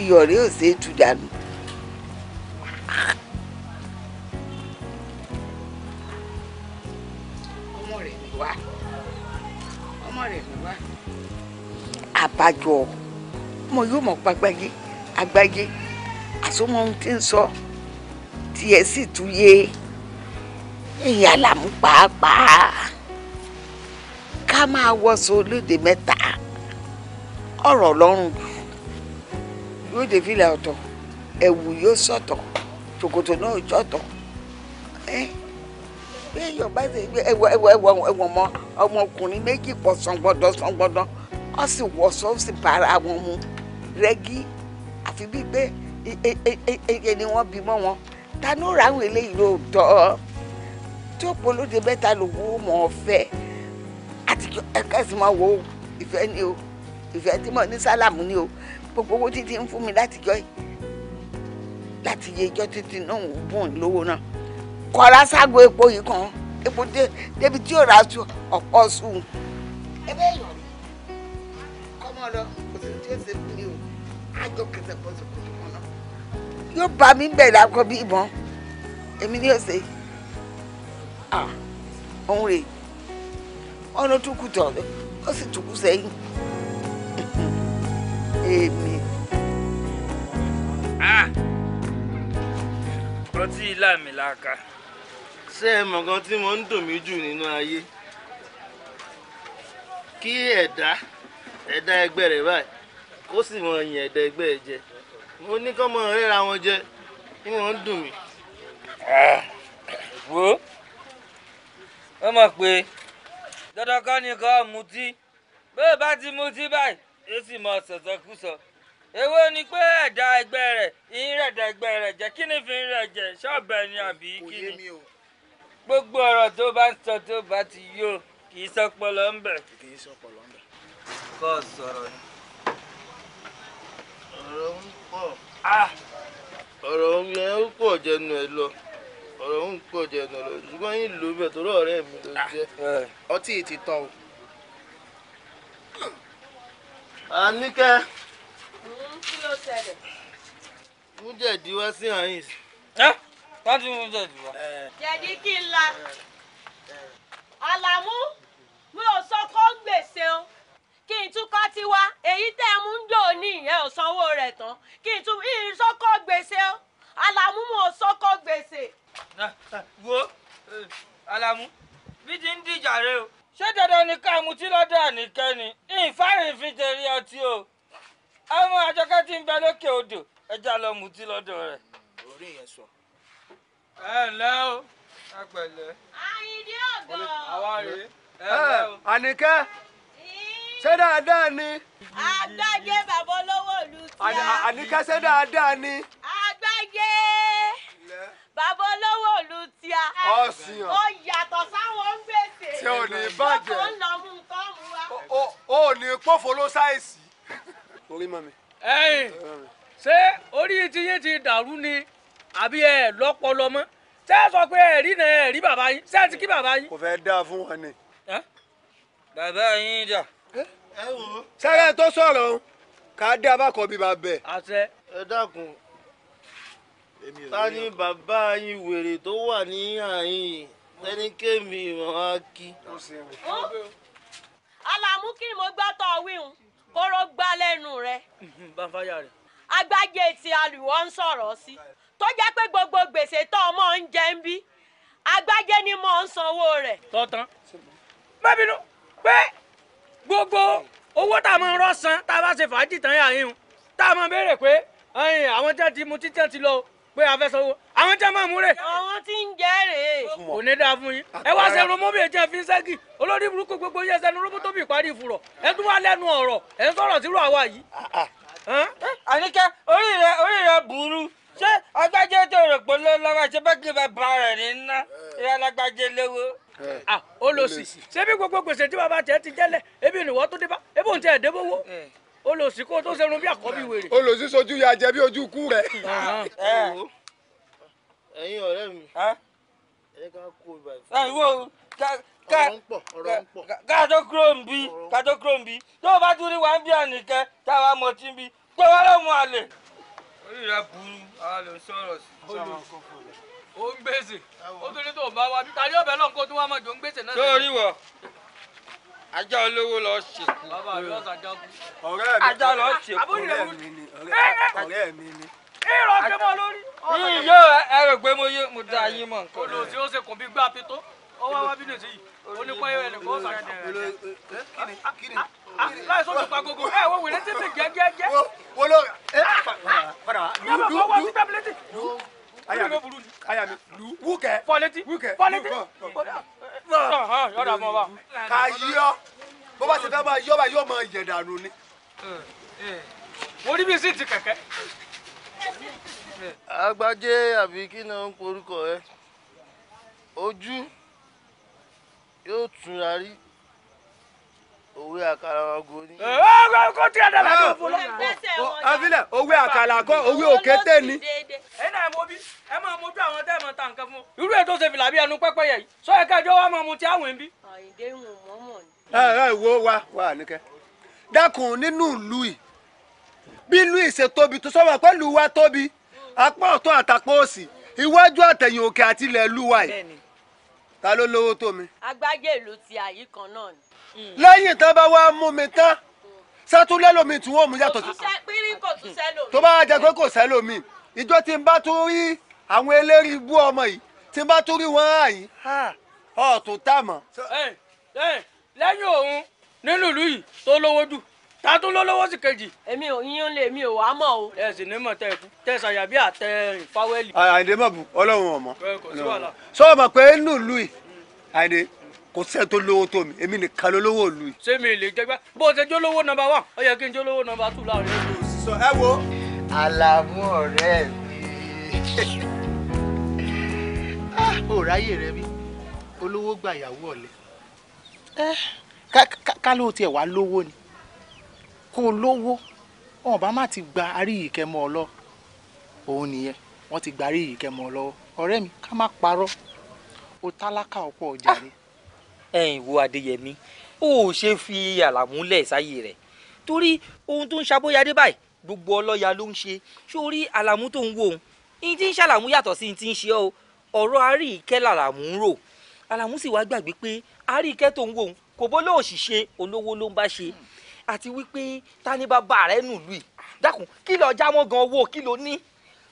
ìyọ̀rẹ́ ò ṣe é tu dànù. àbájọ ọmọ yóò mọ̀ pàgbáyé àgbáyé àsomọ ohun tí ń sọ tiẹ̀ sì tún yé ìyá làmú pàápàá ká máa wọṣọ olóde mẹ́ta ọ̀rọ̀ lọ́rùn yóò dé fìlà ọ̀tọ̀ ẹ̀wù yóò sọ̀tọ̀ ṣòkòtò náà sọ̀tọ̀ bí èèyàn bá ṣe ẹ̀wọ̀ ẹ̀wọ̀ ẹ̀wọ̀ ọmọ ọmọkùnrin méjì pọ̀ sangbọ́dọ̀ sangbọ́dọ̀ wọ́n sì wọ̀ṣọ́ sì bára wọn mu rẹ́gí àfi bíi pé eye e, e, e, ni wọ́n bímọ wọn ta ló ra àwọn eléyìí lóòótọ́ tí ó polóde mẹ́ta ló wó mọ́ ọ̀fẹ́ àti ẹ̀kẹ́sì máa wo ìfẹ́ ni o ìfẹ́ tí mo ní sálàmù ni o gbogbo owó títí ń fún mi láti jọ́ yìí láti yẹ ijọ́ títí náà ń bùn lówó náà kọ́ra ságo epo yìí kan epo débi tí yóò ra ọ̀pọ̀ sùn ebe yọ̀ wọn lọ kò sí tí ó ṣe fún mi o àjọ kẹsẹ bọ sòkòtò wọn lọ. yóò bá mi bẹ̀rẹ̀ akọ bí ìbọn èmi ni ó ṣe òun rèé ọ̀nà tó kù tọ̀ ó sì tùkú sẹ́yìn èmi. ọtí ilá mi la ka. ṣé ẹ mọ̀ tí mo ń dùn mí jù nínú ayé kí ẹ̀dá. E ẹ̀dá ẹgbẹ́ rẹ̀ báyìí kó sì mọ ìyẹn ẹ̀dá ẹgbẹ́ ẹ̀ jẹ mo ní kọ́ mọ ríra wọn jẹ kí wọ́n ń dùn mí. wo wọ́n mọ̀ pé dandan kọ́ ni kọ́ mutí bẹ́ẹ̀ bá ti mutí báyìí yóò sì mọ sọ̀sọ̀kúsọ èwo ni pé ẹ̀dá ẹgbẹ́ rẹ̀ ìyín rẹ̀ ẹ̀dá ẹgbẹ́ rẹ̀ jẹ́ kí ni fi ń rẹ̀ jẹ́ ṣọ́ọ̀bẹ ni àbí kí ni gbogbo ọ̀rọ̀ tó bá ń sọ tó bá ti yó kì í sọpọlọ ń bẹ̀. kì í sọpọlọ ọ̀rọ̀ ni. Uh, ọ̀rọ̀ ń pọ̀. Ah! ọrụ jẹnu ẹ lọ ọ̀rọ̀ ń pọ̀ jẹnu ẹ lọ ṣùgbọ́n yín lò bẹ̀ torí mi ló jẹ́. ọtí ti tán o. Hmm, kí ló ṣẹlẹ̀. mú jẹ̀dí wá sí àyìn. wọ́n ti mú jẹ̀dí wá. jẹ̀dí kí n la. àlàmú mi ò sọ kó kí n tún kọ́ tiwa èyí tẹ́ ẹ mú ń dò ní ìyẹn ò rẹ̀ tán kí n tún ìyìn sọ́kọ́ gbèsè ó alamu mò ń sọ́kọ́ gbèsè. Ah, ah, wo eh, alamu bí ti ń dìjà rẹ o. ṣé dandan ni ká mu tí lọ́dọ̀ àníkẹ́ni ìfáàrin fi tẹ̀rí ọtí o ọmọ àjọkẹ́ ti ń bẹ lókè odò ẹja lọ mu tí lọ́dọ̀ rẹ̀. orí yẹn sọ. ẹ ǹlẹ́ o ẹ pẹ̀lẹ́. àyìndí ọ̀gọ̀. àwa rèé. Eh, àníkẹ́. ṣé dáadáa ni. agbájé bàbá olówó ìlú tíá. àníkẹ́ ṣé dáadáa ni. agbájé bàbá olówó ìlú tíá. ọ̀sìn ọ̀. ó yàtọ̀ sáwọn ń gbèsè. tí ò ní bàjẹ́. ọkọ̀ ń lọ mú nǹkan mú wa. ó ní pòfo ló ṣàìsí. orí mọ̀ mi. ẹ̀yin ṣé orí tiyín ti dàrú ni àbí ẹ lọ́pọlọ mọ́ ṣé ẹ sọ pé ẹ rí náà ẹ rí bàbá yín ṣé ẹ ti kí bàbá yín. kò fẹ́ dáa fún wọn ni. bàbá yín dà sẹ́rẹ̀ tó sọ̀rọ̀ ká dé abákọ̀ bíi bàbẹ̀. àṣẹ ẹ dákun ta ni bàbá yín wèrè tó wà ní àyìn tẹnikẹ́mi ìwọ̀n á kí. alamu kí ni mo gbá tọ́ wíhun kóró gbá lẹ́nu rẹ. bàfáyà rẹ. agbájé ti alùwọ́ ń sọ̀rọ̀ sí tó jẹ́ pé gbogbo gbèsè tó ọmọ ń jẹ ń bí agbájé ni mo ń sanwó rẹ̀. tọ́tán bẹ́ẹ̀ bínú pé gbogbo owó tá a máa rọ́ san tá a bá ṣe fàájì tán yà yín o tá a máa béèrè pé àwọn jẹ́ ti mu títẹ̀ ti lọ pé a fẹ́ sanwó àwọn jẹ́ máa mú rè. àwọn tí ń jẹ́ rèé. kò ní dáa fún yín ẹ wá sẹ́nu mọ́bì ẹ̀jẹ̀ fi ń ṣẹ́gi olórí burúkú gbogbo yẹn sẹ́nu róbó tóbi ìparí ìfurọ̀ ẹ tún wá lẹ́nu ọ̀rọ̀ ẹ ń sọ̀rọ̀ sírò àwa yìí. àníkẹ́ orí rẹ orí rẹ burú ṣé agbájẹ́ tó rò pé lọ́wọ́ ṣe bẹ́ẹ̀ kí n bá ba rẹ̀ ní ná ìyá alágbájẹ́ lówó ó lọ sí ṣebí gbogbo gbèsè tí bàbá tẹ ti jẹlẹ ebi nìwọ tó dé bá ebi òun tẹ ẹ débówó eh. ó lọ sí kó tó ṣerun bí àkọ́bí eh. wèrè. ó lọ sí sojú ya jẹ bí ojú kú rẹ. Eh. ẹ̀yin ọ̀rẹ́ mi ẹ ká kó ibà yìí. ẹ wo ká ká ká tó kúrò ń bí ká tó kúrò ń bí tó o bá tún rí wa ń bí ànìkẹ́ tá a wá mọ̀ tí ń bí pé wọ́n lọ́ mú àlè. orí burú ara lè sí ó ń gbèsè ó tún ní tó bá wa níta ní ọbẹ̀ náà kó tún wá mọ̀ jò ń gbèsè náà. sórí wọ ajá olówó lọ ṣèkú ọ̀rẹ́ mi ajá lọ ṣèkú ọ̀rẹ́ mi ni ọ̀rẹ́ mi ni. ìrọ̀ kí mo lórí. yín yóò ẹ rò pé mo da yín mọ̀ nǹkan. olùsí ó ṣe kùn bí gbá pitó ó wá wá bí lè ṣe yìí ó ní pé sàrẹ̀ dẹ̀rẹ̀ láì sọ pa gogo ẹ wo wèrè títí gẹ́gẹ́gẹ́. wo lo ah! padà wá. yàrá kó wá sí tábìlẹ́tì aya mi aya mi lu wú kẹ fọlẹtì wú kẹ fọlẹtì yọdà mọ wa. k'a yọ bó bá ti fẹ́ máa yọ bá yọ máa yẹ̀ dànù ni. mo rí bí sí ti kẹ̀kẹ́. agbájé àbí kí ni ó ń porúkọ ẹ ojú yóò túnra rí òwe àkàlà ọgọ ni. ọgọ kò tí a dàgbà ní òfòló. afilẹ òwe àkàlà kọ òwe òkété ni. ẹ náà mo bí ẹ máa mojú àwọn tẹ́ ẹ máa ta nǹkan fún ọ. irú ètò ṣe fìlà bí ẹnu pẹ́pẹ́ yẹ yìí sọ yẹ ká ẹjọ́ wa máa mu ti àwọn ẹbí. àyìndé ń mọ̀ mọ̀ ni. ẹ ẹ wo wa wa nìkẹ́ dákun nínú ìlú yìí bí ìlú yìí ṣe tóbi tó sọ́wọ́ pẹ́lú wa tóbi apá ọ̀tún àtàpọ̀ òsì iwájú àtẹ̀yìn òkè àti ilẹ̀ ìlú wa ta ló lówó tó mi. agbájé ìlú ti àyí kan náà ni. lẹ́yìn tán bá wá mú mi tán sátúlẹ̀ lomi tí wọ́n mú yàtọ̀ sí. pínrín kò tún sẹ́lòmí. tó bá jẹ pé kò sẹ́lòmí ìjọ tí n bá tún rí àwọn eléré ibú ọmọ yìí tí n bá tún rí wọn àyín ọ̀tún tà mọ́. lẹ́yìn òun nínú ìlú yìí tó lówó jù ta tún ló lọ́wọ́ sí kejì. èmi ò yín lè mi ò wá mọ̀ o. ẹ sì ní mọ̀ tẹ ẹkú tẹ ṣàyà bí àtẹ ìfáwẹ́lì. àyìndé má bu ọlọ́run ọmọ sọ ma pé nù lù yìí àyìndé kò sẹ́ni tó lówó tó mi èmi nìkan ló lówó lù yìí. ṣé mi lè jẹgbẹ́ bó ṣe jólówó nọ́mbà wà ó yẹ kí n jólówó nọ́mbà tù láàrin ẹgbẹ́ òṣìṣọ ẹ wo. àlàmú ọ̀rẹ́ mi ò ah, ráyè rẹ bí olówó gbà yàwó ọ̀lẹ. Eh, ká ló tiẹ̀ wá lówó ni kó o lówó wọn bá má ti gba aríyìíkẹ́ mọ́ ọ lọ òun nìyẹn wọ́n ti gba aríyìíkẹ́ mọ́ ọ lọ́wọ́ ọ̀rẹ́ mi ká má parọ́ o tálákà ọ̀pọ̀ ọjà rẹ. ẹ ǹ wo adéyẹmí ó ṣe fi àlàmúlẹ̀ sáyé rẹ̀ torí ohun tó ń ṣàbóyadé báyìí gbogbo ọlọ́ya ló ń ṣe sórí àlàmú tó ń wò òun ìyìn tí ń ṣàlàmú yàtọ̀ sí ti ń ṣe ọ́ ọ̀rọ̀ àríkẹ́ làlàmú ń rò àlàmú sì wá gbàgbé pé àríkẹ́ tó ń wò òun kò bó lóò ṣì olówó ló ń bá ṣe àti wípé ta ni bàbá rẹ nùlù yìí dákun kí lọ já mọ́ gan owó kí ló ní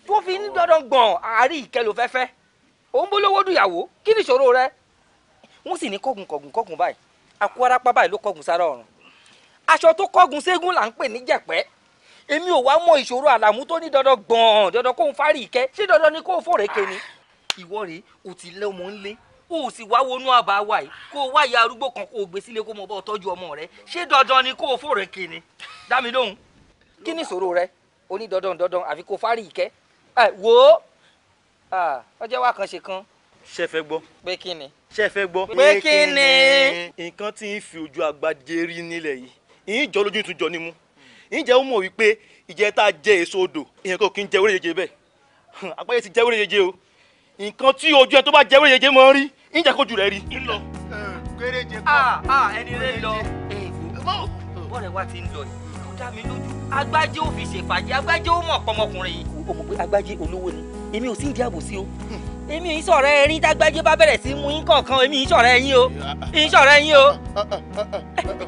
tó fi ní dandan gbọ̀n àárín ìkẹlò fẹ́fẹ́ òun bó lówó dùyàwó kí ni ìṣòro rẹ wọ́n sì ní kọ́gùn kọ́gùn kọ́gùn báyìí àkú arápá báyìí ló kọ́gùn sára ọ̀run aṣọ tó kọ́gùn ségun là ń pè ní jẹ̀pẹ́ èmi ò wá mọ ìṣòro àlàmú tó ní dandan gbọ̀n dandan kóun fárí ìkẹ́ ṣé dandan ni kóun fòrèké ni ìwọ rèé o ti lé ọmọ ńlé kó o sì wá wọnú àbá wa yìí kó o wá ìyá arúgbó kan kó o gbé sílé kó mo bá ọ tọ́jú ọmọ rẹ ṣé dandan ni kó o fò rẹ kéne dá mi lóhùn. kí ni ìṣòro rẹ oní dandan dandan àfi kó o fárí ìkẹ́ ẹ wò ó ọjọ́ wa kan ṣe kan. ṣe fẹ́ gbọ́. pé kí ni. ṣe fẹ́ gbọ́. pé kí ni. nǹkan tí ń fi ojú agbájé rí nílẹ̀ yìí ìyín jọ lójú ìtújọ ni mu ìyín jẹ́ ó mọ̀ wípé ìjẹta jẹ èso odò ìyẹn kò kí ń jẹ oríyejì bẹ́ẹ̀ àgbáyé ti jẹ oríyejì o nǹkan tí ojú ẹ tó bá jẹ oríyejì máa ń rí ń jẹ́ kójú rẹ̀ rí. ń lọ. kéréje kọ. ẹni rẹ lọ bọ́ọ̀rẹ̀ wa ti ń lọ yìí ló dá mi lójú agbájé ò fi ṣèfàjẹ agbájé ò mọ̀ pọmọkùnrin yìí. o mọ̀ pé agbájé olówó ni èmi ò sí ìdí àbòsí o hmm. èmi yìí sọ̀rọ̀ ẹ̀rín tágbájé bá bẹ̀rẹ̀ sí mú yín kọ̀ọ̀kan èmi yìí sọ̀rọ̀ ẹ̀yìn o yìí sọ̀rọ̀ ẹ̀yìn o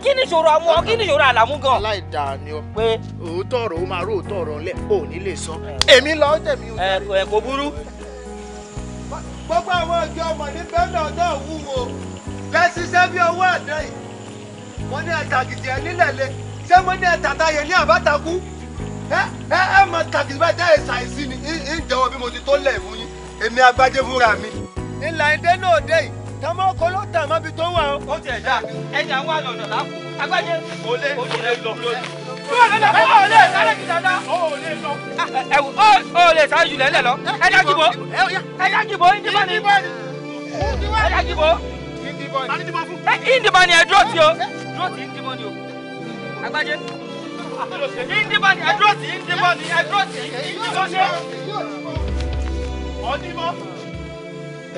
kí ni ìṣòro àmú kí ni ìṣòro àlàmú gan. aláìda ni ọ pé òótọ́ ọ̀rọ̀ ó máa rò ọ̀rọ̀ ńlẹ̀ ò lè sọ èmi lọ́ọ́ tẹ̀mí o. ẹ kò burú gbogbo àwọn ọjọ́ ọmọ ní bẹ́ẹ̀nà ọjọ́ òwúwo bẹ́ẹ̀ ṣiṣẹ́ bí owó àdán yìí wọ́n ní ẹ̀ta gidi ẹ̀ nílẹ̀ le ṣé mo ní ẹ̀ta táyé ní àbátakú ẹ ẹ ẹ mọ tàgìdì bá jẹ́ ìṣàìsí ni ìjọwọ́ bí mo ti tó lẹ̀ fún yín èmi agbájé fúnra mi. ìlà ìdé náà dé yìí tọmọ ọkọ ló tà mọ́bi tó wà ó. ó ti ẹ̀ dá ẹ̀yìn àwọn àlọ́ ọ̀nà agbájé olè olè lọ lórí o lè sáré jùlẹ̀ lẹ̀ lọ ẹja jìbò ẹja jìbò indibo ni ẹja jìbò indibo ni ẹ dúró sí o dúró sí indibo ni o agbájé indibo ni ẹ dúró sí indibo ni ẹ dúró sí indibo ni ọdínbọ.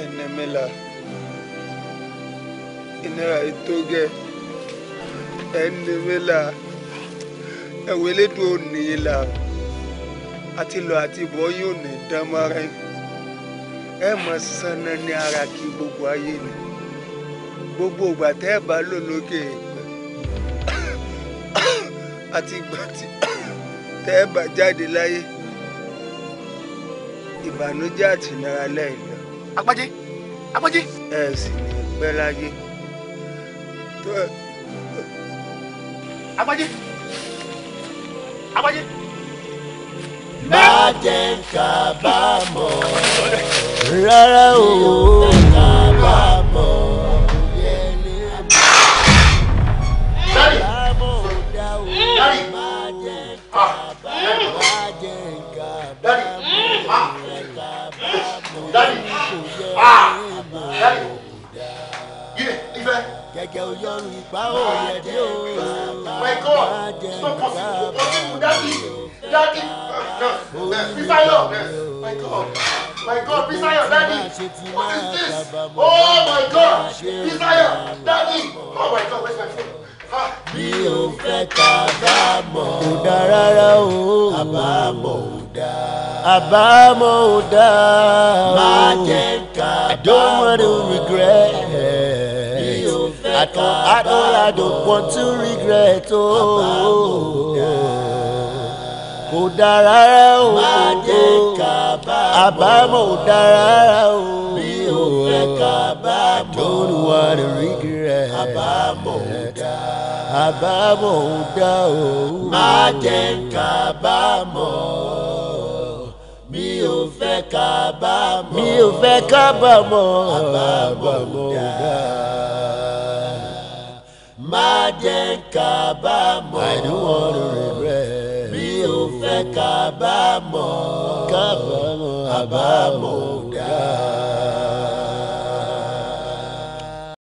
ẹnẹmẹla ìnira ètò gẹ ẹnẹmẹla ẹ̀wọ̀n elédùn òní là àti àti bọ̀ yóò ní dámọ́ra ẹ mọ̀ sanna ní ara kí gbogbo ayé ni gbogbo ìgbà tẹ́ ẹ bá lò lókè àti ìgbà tẹ́ ẹ bá jáde láyé ìbànújẹ́ àti ìnira lọ. apájé apájé. ẹ sì ní pẹ́ láyé. apájé àgbájé. má jẹ́ kábàámọ̀ rárá o kábàámọ̀. Daddy! Daddy! Ah! Daddy! Ah! Daddy! Ah! Daddy! gẹ́gẹ́ oyọrùn ìgbà òòyẹ dé o. my god so possible forgive daddy daddy bisayo my god my god bisayo daddy what is this oh my god bisayo daddy oh my god where's my phone. Mi ò fẹ́ kábàámọ̀ ò dá rárá o. Àbámọ̀ ò dá. Àbámọ̀ ò dá. Má jẹ́ kábàámọ̀. I don't want to regret. At all, I don't, I don't want to regret oh. Kò dára rẹ̀ o. Má jẹ́ kábàámọ̀. Àbámọ̀ o. Bí o fẹ́ kábàámọ̀. I don't regret. Àbámọ̀ ò dá. Àbámọ̀ o. Má jẹ́ kábàámọ̀ mi ò fẹ́ kábàámọ̀. mi ò fẹ́ kábàámọ̀. àbámọ̀ ò má jẹ́ kábàámọ̀. I don't want to regret. mi ò fẹ́ kábàámọ̀. kábàámọ̀ àbámọ̀ dáa.